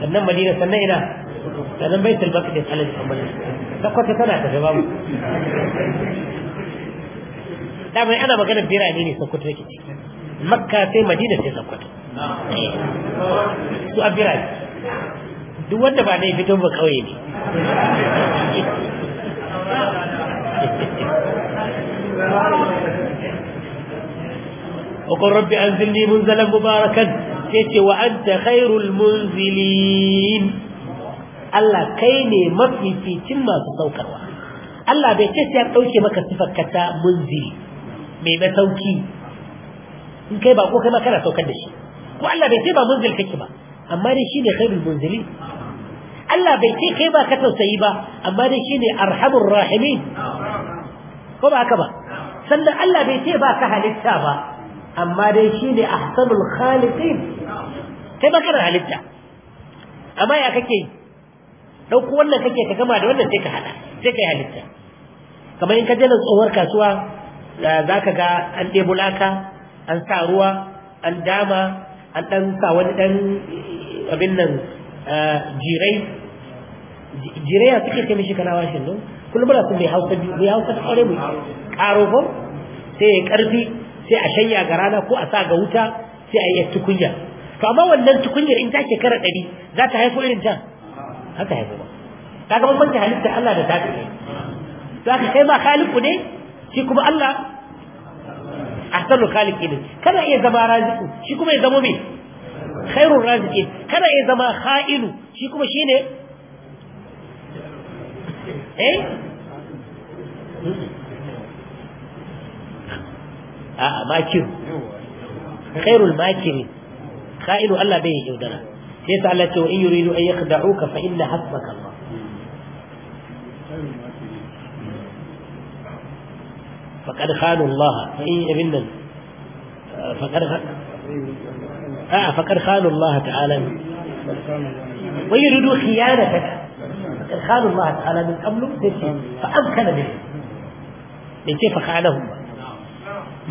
S1: sannan madina sannan ina sannan baitul maqdis alaihi sallam takwata tana tafi babu da mai ana magana birane ne sokoto yake ciki makka sai madina sai sokoto
S3: su a birane
S1: duk wanda ba dai fito ba kauye
S3: ne
S1: وقل mun أنزلني منزلا مباركا ce wa anta khairul zili. Allah kai ne mafificin masu saukarwa Allah bai ce ya ɗauke maka sifar mun zili. mai masauki in kai ba ko kai ma kana saukar da shi ko Allah bai ce ba munzil kake ba amma dai shine khairul munzilin Allah bai ce kai ba ka tausayi ba amma dai shine arhamur rahimin ko ba haka ba sannan Allah bai ce ba ka halitta ba amma dai shine ahsanul khaliqin kai ba ka halitta amma ya kake yi dauko wannan kake ka gama da wannan sai ka hada sai kai halitta kamar in ka je tsohuwar kasuwa za ka ga an ɗebo laka an sa ruwa an dama an dan sa wani dan abin nan eh, jirai jirai a suke ce mishi kanawa shin nan kullum ba su mai hausa mai hausa ta aure mu karo ko sai ya karfi sai a shanya ga rana ko a sa ga wuta sai a yi tukunya to amma wannan tukunyar in ta shekara ɗari za ta haifo irin ta haka haifo ba kaga bambanci halitta Allah da ta to ka kai ba khaliqu ne shi kuma Allah ahsanu khaliqin kana iya zama raziqu shi kuma ya zama me khairur raziqin kana iya zama kha'ilu shi kuma shine eh a'a makir khairul makirin kha'ilu Allah bai yaudara sai ta Allah ce wa in yuridu an yakhda'uka fa inna hasbaka Allah faƙar khanun laha fa in abin nan laha ta'ala ne wai ne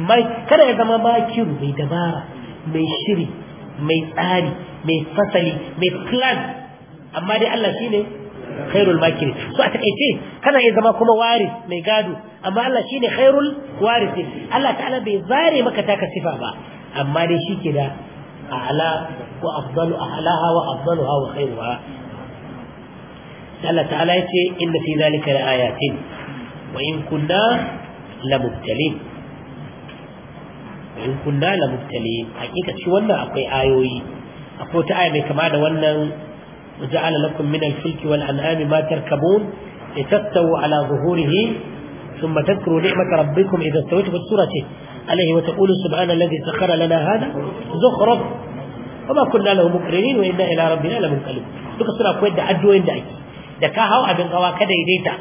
S1: bai kada ya zama makiru mai dabara mai shiri mai tsari mai fasali mai plan amma dai Allah shine khairul makiri so a taƙaice? kana iya zama kuma waris mai gado amma Allah shine khairul waris Allah ta'ala bai zare maka taka sifa ba amma dai shi ke da a'la wa afdalu a'laha wa afdaluha wa khairuha Allah ta'ala yace inna fi zalika ayatin, wa in kunna lamubtalin in kunna lamubtalin hakika shi wannan akwai ayoyi akwai ta aya mai kama da wannan وجعل لكم من الفلك والأنعام ما تركبون لتستووا على ظهوره ثم تذكروا نعمة ربكم إذا استويتم في السورة عليه وتقولوا سبحان الذي سخر لنا هذا زخرف وما كنا له مقرنين وإنا إلى ربنا لمنقلب دوك سورة كويت دا أدوين دا أكي دا كاهو أبن قوا كدا يديتا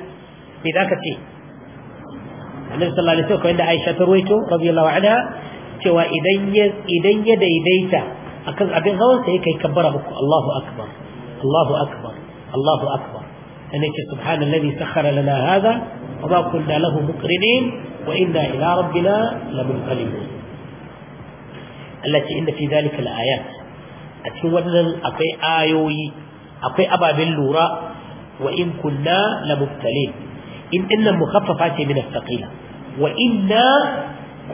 S1: بذاك الشيء النبي صلى الله عليه وسلم عند عائشة رويته رضي الله عنها cewa idan ya daidaita akan abin hawansa ya kai kabbara uku Allahu akbar الله أكبر الله أكبر يعني أنك سبحان الذي سخر لنا هذا وما كنا له مقرنين وإنا إلى ربنا لمنقلبون التي إن في ذلك الآيات أتولى أقي آيوي أقي أبا باللوراء وإن كنا لمبتلين إن إن المخففات من الثقيلة وإنا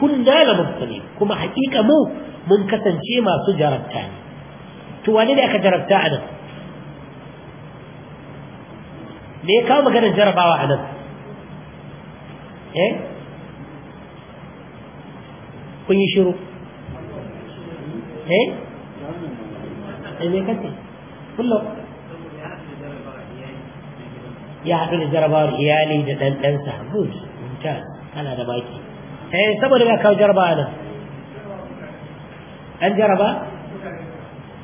S1: كنا لمبتلين كما حقيقة مو من كسن ما سجرتان توالي لك me ya kawo maganar jarabawa a nan eh kun yi shiru
S3: eh eh me kace kullum
S1: ya haɗu da jarabawar iyali da ɗanɗansa good mutum ana da baki eh saboda ya kawo jarabawa nan an jaraba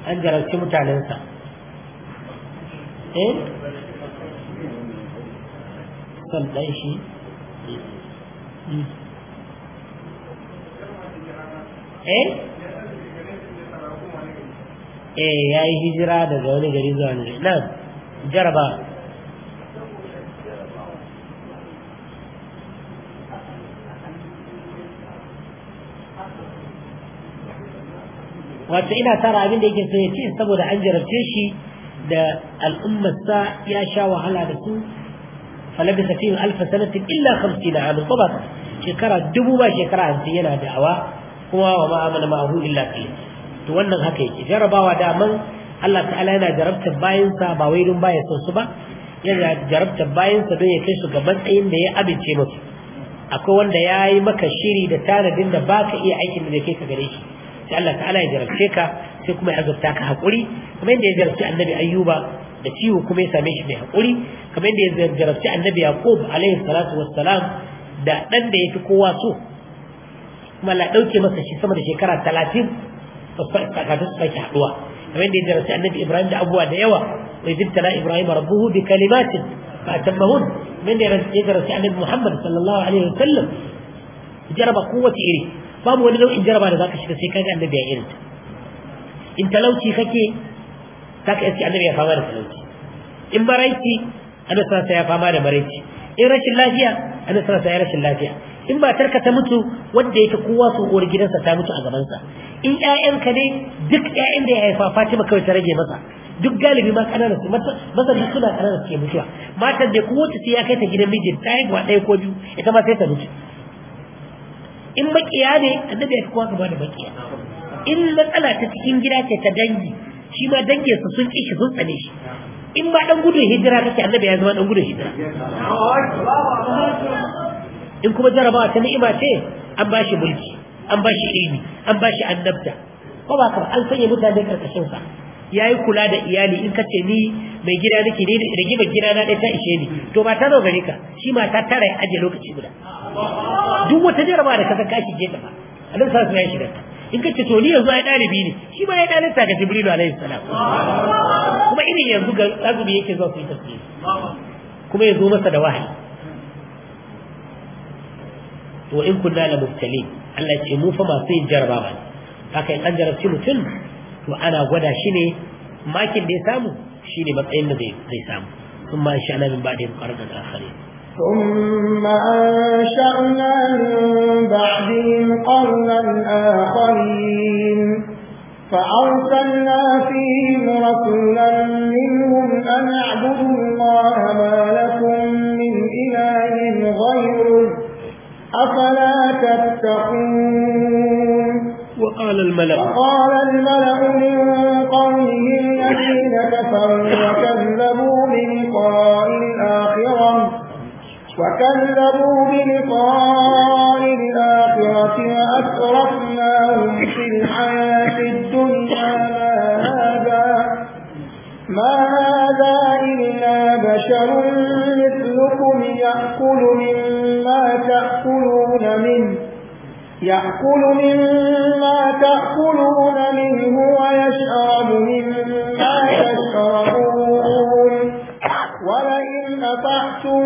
S1: an jarabci mutanensa eh kan ɗan shi eh eh ya yi hijira daga wani gari zuwa wani nan jaraba
S3: wato ina tara abin
S1: da yake so ya ce saboda an jarabce shi da al'ummarsa ya sha wahala da su فلبث فيهم ألف سنة إلا ba shekara طبعا شكرا دبوبا شكرا أنتينا دعوة هو وما آمن معه illa قليل to wannan haka yake jarabawa daman Allah ta'ala yana jarabtar bayansa ba wai don baya son su ba yana jarabtar bayansa don ya kai su ga matsayin da ya abince musu akwai wanda ya yi maka shiri da tanadin da ba ka iya aikin da zai kai ka gare shi sai Allah ta'ala ya jarabce ka sai kuma ya azabta ka haƙuri kuma inda ya jarabci annabi ayyuba da ciwo kuma ya same shi mai haƙuri kamar yadda ya zargarci annabi yaqub alaihi salatu wassalam da ɗan da ya fi kowa so kuma la ɗauke masa shi sama da shekara talatin kafin su sake haɗuwa kamar yadda ya zargarci annabi ibrahim da abubuwa da yawa wai zibtala ibrahim rabbuhu bi kalimatin fa atammahun kamar yadda ya zargarci annabi muhammad sallallahu alaihi wasallam jaraba kowace iri babu wani nau'in jaraba da zaka shiga sai kaga annabi ya ta. in talauci kake Saka iske annabi ya fama da talauci in maraici annabi sallallahu ya fama da maraici in rashin lafiya annabi sallallahu ya rashin lafiya in matarka ta mutu wanda yake kowa su uwar gidansa ta mutu a gabansa in ƴaƴanka ne duk ƴaƴan da ya haifa Fatima kawai ta rage masa duk galibi ma da su masa duk suna su ke mutuwa Matar da kowace sai ya kai ta gidan mijin ta haihuwa ɗaya ko biyu ita ma sai ta mutu in makiya ne annabi ya fi kowa gaba da makiya in matsala ta cikin gida ce ta dangi shi ma danginsa sun ƙi shi sun tsane shi in ba dan gudun hijira kake annabi ya zama dan gudun hijira in kuma jarabawa ta ni'ima ce an ba shi mulki an ba shi ilimi an ba shi annabta ko ba kamar an sanya mutane karkashin sa yayi kula da iyali in kace ni mai gida nake ne da gima gida na dai ta ishe ni to ba ta zo gare ka shi ma ta tare aje lokaci guda
S3: duk wata jarabawa da
S1: ka san kashi je ta ba Allah sa su ya shiga ta in ka to ni yanzu ai dalibi ne shi ba ya ta ga jibrilu alaihi salam kuma ini yanzu ga azumi yake zuwa su yi tafsiri kuma ya zo masa da wahayi to in kunna la mubtali Allah ce mu fa masu yin jarabawa ba haka in an jarabci mutum to ana gwada shi ne makin da ya samu shi ne matsayin da zai samu ثم إن شاء ba da بعدهم قرنا akhari
S2: ثم أنشأنا من بعدهم قرنا آخرين فأرسلنا فيهم رسولا منهم أن اعبدوا الله ما لكم من إله غيره أفلا تتقون وقال الملأ قَالَ الملأ من قومه الذين كفروا وكذبوا بلقاء الآخرة وكذبوا بلقاء الآخرة وأسرفناهم في الحياة الدنيا ما هذا ما هذا إلا بشر مثلكم يأكل مما تأكلون منه يأكل مما تأكلون منه ويشرب مما تشربون أَطَعْتُمْ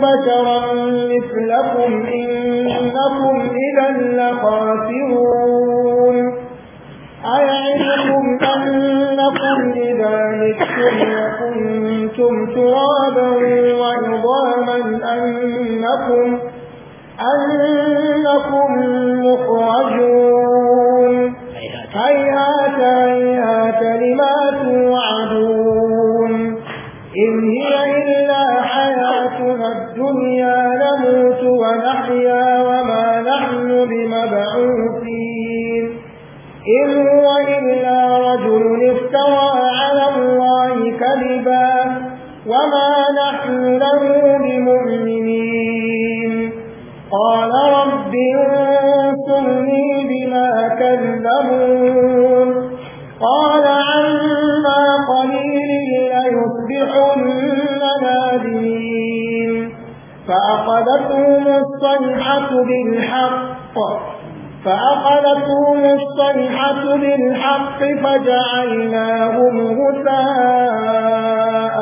S2: بَشَرًا مِثْلَكُمْ إِنَّكُمْ إِذًا لَخَاسِرُونَ أَيَعِدُكُمْ أَنَّكُمْ إِذَا مِتُّمْ وَكُنْتُمْ تُرَابًا وَعِظَامًا أَنَّكُمْ أَنَّكُمْ مُخْرَجُونَ هَيْهَاتَ الصيحة بالحق فأخذتهم الصيحة بالحق فجعلناهم غساء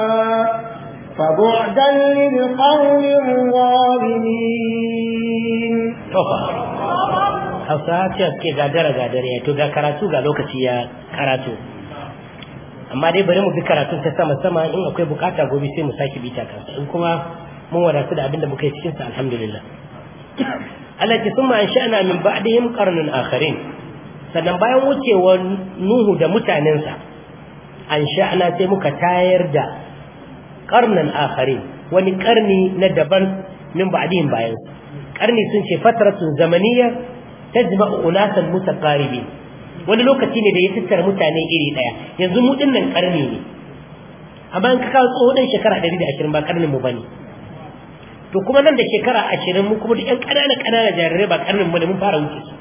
S2: فبعدا للقوم الظالمين
S1: hausa ce suke gagara gagara ya to ga karatu ga lokaci ya karatu amma dai bari mu bi karatu ta sama sama in akwai bukata gobe sai mu sake bita kansa in kuma mun wadatu da abin da muka yi cikin sa alhamdulillah Allah ya an sha'ana min ba'dihim karnin akharin sannan bayan wucewar Nuhu da mutanensa sha'ana sai muka tayar da karnin akharin wani karni na daban min ba'dihim bayan karni sun ce fatratu zamaniyya tajma'u unasan mutaqaribin wani lokaci ne da ya tattara mutane iri daya yanzu mu dinnan karni ne amma in ka kawo tsohon shekara 120 ba karnin mu bane to kuma nan da shekara ashirin mu kuma duk yan ƙanana ƙanana jarirai ba ƙarnin mu ne mun fara wuce su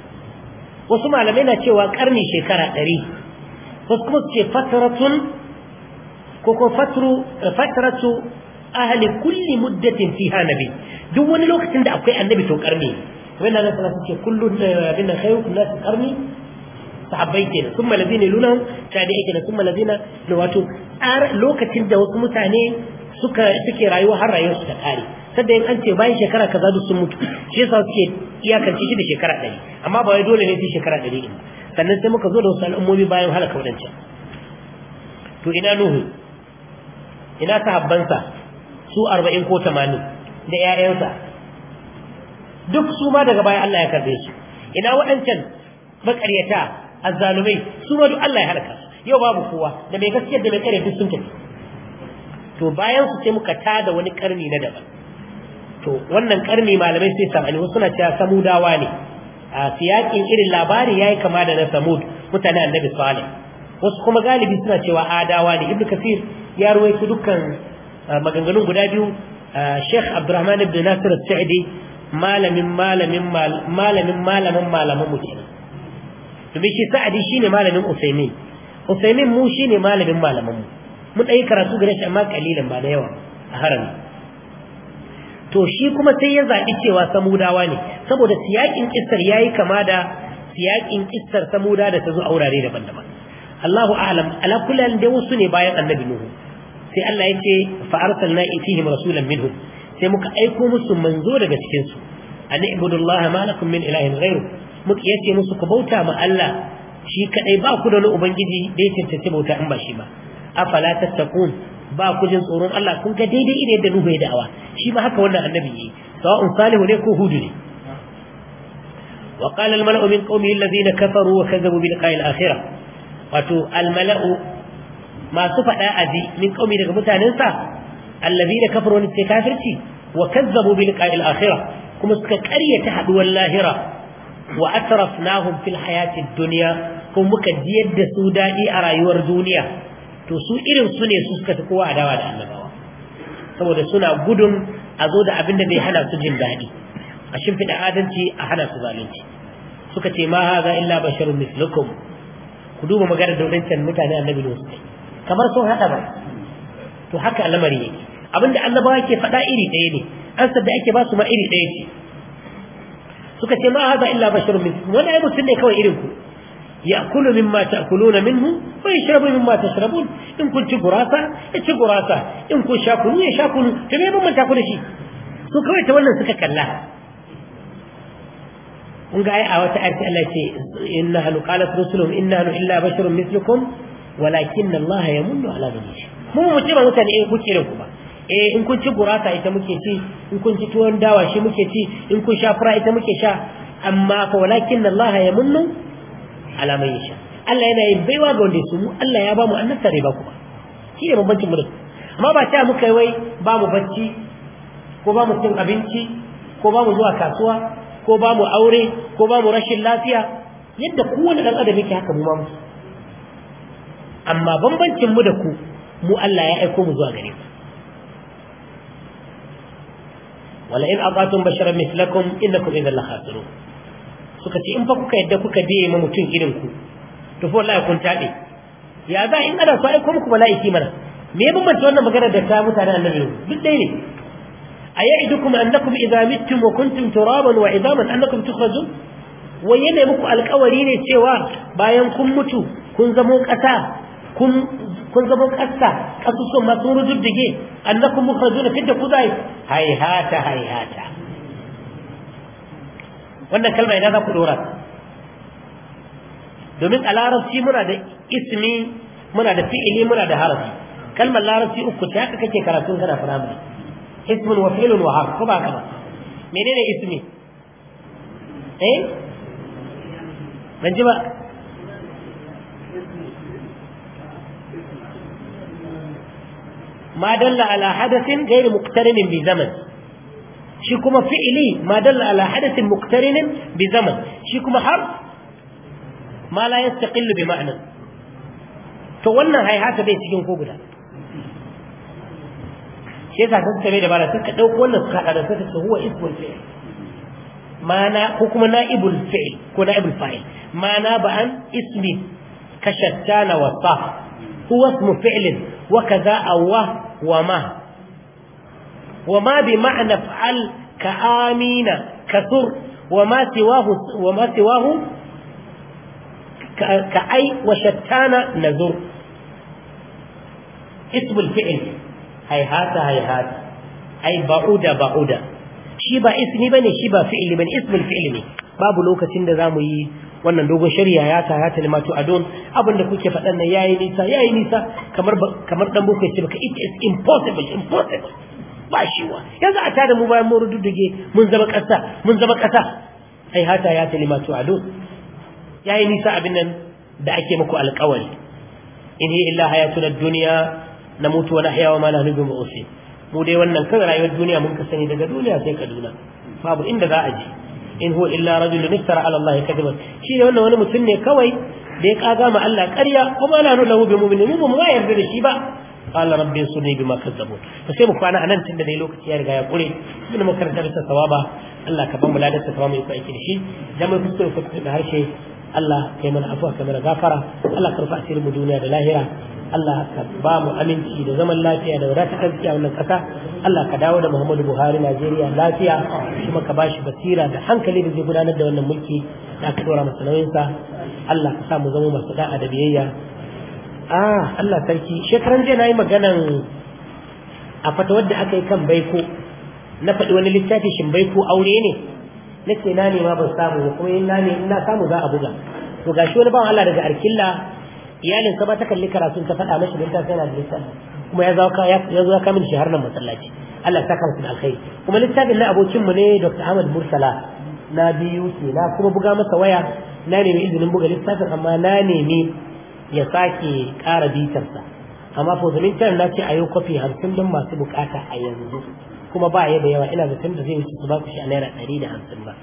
S1: wasu malamai na cewa ƙarni shekara ɗari wasu kuma su ce fataratun ko ko fatru fataratu ahli kulli muddatin fiha nabi duk wani lokacin da akwai annabi to ƙarni wannan nan sana ce kullun eh, abin nan khairukum nasu ƙarni sahabbai kenan summa lunan luna ake kenan summa lazina wato lokacin da wasu mutane suka suke rayuwa har rayuwarsu ta kare sadda in an ce bayan shekara ka zadu sun mutu shi yasa suke iyakance shi da shekara ɗari amma ba wai dole ne sai shekara ɗari ɗin sannan sai muka zo da wasu al'ummomi bayan halaka wadancan to ina nuhu ina sahabbansa su arba'in ko tamanin da 'ya'yansa duk su ma daga baya Allah ya karbe su ina waɗancan makaryata azzalumai su ma duk Allah ya halaka su yau babu kowa da mai gaskiya da mai karya duk sun tafi to bayan su sai muka tada wani karni na daban to wannan karni malamai sai samani wasu suna cewa samudawa ne a siyakin irin labari yayi kama da na samud mutane annabi salih wasu kuma galibi suna cewa adawa ne ibnu kasir ya ruwaito dukkan maganganun guda biyu sheikh abdurrahman ibn nasir al sadi malamin malamin malamin malamin malamin mu to domin shi sa'adi shine malamin usaymin usaymin mu shine malamin malamin mu mun dai karatu gare shi amma kalilan ba da yawa a harami to shi kuma sai ya zaɓi cewa samudawa ne saboda siyakin ƙistar ya yi kama da siyakin ƙistar samuda da ta zo a wurare daban-daban Allahu a'lam alakulan da wasu ne bayan annabi Nuhu sai Allah ya ce fa arsalna itihim rasulan minhum sai muka aiko musu manzo daga cikin su an ibudullaha ma lakum min ilahin ghairu muka yace musu ku bauta ma Allah shi kadai ba ku da ubangiji da ya tantance bauta in ba shi ba afala tattaqun ba ku jin tsoron Allah kun ga daidai ire yadda Nuhu ya da'awa shi ba haka wannan annabi yi sawa'un salihu ne ko hudu ne wa qala al mala'u min qaumihi alladhina kafaru wa kadzabu bil qa'il akhirah wato al mala'u masu fada azi min qaumi daga mutanensa alladhina kafaru wani ce kafirci wa kadzabu bil qa'il akhirah kuma suka karyata haduwar lahira Wa وأترفناهم muka الحياة da su مكديد a rayuwar duniya. to su irin su ne su suka fi kowa adawa da annabawa saboda suna gudun a zo da abin da bai hana su jin daɗi a shimfiɗa adalci a hana su zalunci suka ce ma haza illa basharun mislukum ku duba magana da wadancan mutane annabi wasu kamar sun haɗa ba to haka al'amari yake abinda annabawa ke faɗa iri ɗaya ne An da ake ba su ma iri ɗaya ce suka ce ma haza illa basharun mislukum wani ai mutum ne kawai irin ku يأكل مما تأكلون منه ويشرب مما تشربون إن كنت قراسة إتش قراسة إن كنت شاكل يشاكل جميع مما تأكل شيء سو كوي تولن سكك الله ونقع أو تعرف الله شيء إنها قالت رسلهم إنها إلا بشر مثلكم ولكن الله يمن على من يشاء mu mutum ba mutane eh kuke da kuma eh in kun ci gurasa ita muke ci in kun ci tuwon dawa shi muke ci in kun sha fura ita muke sha amma fa walakin Allah ya munnu alamai yasha Allah yana yin baiwa ga wanda su mu Allah ya ba mu annabta ba kuma shi ne bambancin mu amma ba ta muka yi wai ba mu bacci ko ba mu cin abinci ko ba mu zuwa kasuwa ko ba mu aure ko ba mu rashin lafiya yadda kowane dan adam yake haka mu ma mu amma bambancin mu da ku mu Allah ya aiko mu zuwa gare ku wala in aqatum basharan mislakum innakum idhal khasirun suka ce in fa kuka yadda kuka biye ma mutum irin ku to fa wallahi kun tabe ya za in ana so ai ko muku mala'iki mana me ya bambanta wannan magana da ta mutanen annabi duk dai ne mittum wa kuntum turaban wa ترابا annakum tukhrajun تخرجون yana muku القولي ne cewa bayan kun mutu kun zamo ƙasa kun kun zama ƙasa kasusun ma sun rujujjuge annakum mukhrajun fidda ku zai
S2: hayhata hayhata
S1: wannan kalma ina za ku dora domin a larabci muna da ismi muna da fi'ili muna da harafi kalmar larabci uku ta haka kake karatun kana firamare ismin wa fi'ilun wa harfi ko ba haka ba menene ismi eh ban ji ba ما دل على حدث غير مقترن بزمن shi kuma fi'ili ma dalla ala hadathin muqtarinin bi zaman shi kuma har ma la yastaqillu bi ma'na to wannan haihata bai cikin ko guda shi yasa sun tare da bara suka dauko wannan suka hada suka ce huwa ismul fi'l ma'ana ko kuma na'ibul fi'l ko na'ibul fa'il ma'ana ba'an ismi كشتان والصاف هو اسم فعل وكذا wa وما وما بمعنى افعل كآمين كثر وما سواه وما سواه كأي وشتان نذر اسم الفعل هيهات هيهات أي بعودة بعودة shi ba ismi bane shi ba fi'li bane ismul fi'li ne babu lokacin da zamu yi wannan dogon shari'a ya ta ya talimatu adon abin da kuke faɗan nan yayi nisa yayi nisa kamar kamar dan boko ce baka it is impossible
S3: impossible ba shiwa
S1: yanzu a tada mu bayan mu rududdige mun zama ƙasa mun zama ƙasa ai hata ya talima tu ado yayi nisa abin nan da ake muku alƙawari in hi illa hayatun dunya namutu wa nahya wa ma nahnu bi mu'sin mu dai wannan kan rayuwar duniya mun ka sani daga duniya sai kaduna babu inda za a je in huwa illa rajulun iftara ala Allah kadiban shi ne wannan wani mutum ne kawai da ya kaga ma Allah ƙarya kuma ana nuna lahu bi mu'minin mu ba yarda da shi ba qala rabbi sunni bima kazzabu to sai mu kwana anan tunda a lokaci ya riga ya kure mun makarantar ta sawaba Allah ka bamu ladar ta sawaba mu yi aiki da shi da mun fito ku da harshe Allah kai mana afuwa kai mana gafara Allah ka rufa asirin mu duniya da lahira Allah ka ba mu aminci da zaman lafiya da wadata arziki a wannan kasa Allah ka dawo da Muhammadu Buhari Najeriya lafiya kuma ka bashi basira da hankali da zai gudanar da wannan mulki da aka dora masa nauyinsa Allah ka sa mu zama masu da'a da biyayya ah Allah sarki shekaran jiya nayi maganan a fata wadda aka yi kan baiko na faɗi wani littafi shin baiko aure ne na ce na nema ban samu ne kuma na ne ina samu za a buga to gashi wani bawan Allah daga arkilla iyalin sa ba ta kalli karatun ta faɗa mashi littafi yana da littafi kuma ya zo ya zo ka min shi har nan masallaci Allah saka musu da alkhairi kuma littafin na abokin mu ne Dr. Ahmad Mursala na biyu ke na kuma buga masa waya na nemi izinin buga littafin amma na nemi ya sake ƙara sa amma for the meantime na ce a yi kwafi hamsin masu bukata a yanzu kuma ba ya da yawa ina da tunda zai wuce su ba ku shi a naira ɗari ba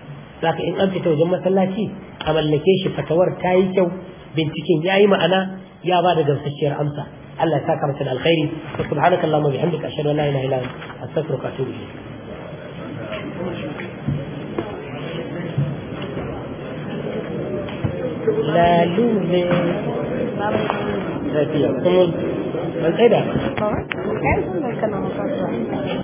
S1: saka in an fita wajen masallaci a mallake shi fatawar ta yi kyau binciken yayi ma'ana ya ba da gamsasshiyar amsa Allah ya saka masa da alkhairi wa subhanakallahumma bihamdika ashhadu an la ilaha illa anta astaghfiruka wa atubu ilayk
S3: la lune cómo, ¿Cómo? matsada.
S2: Kawai, que No nos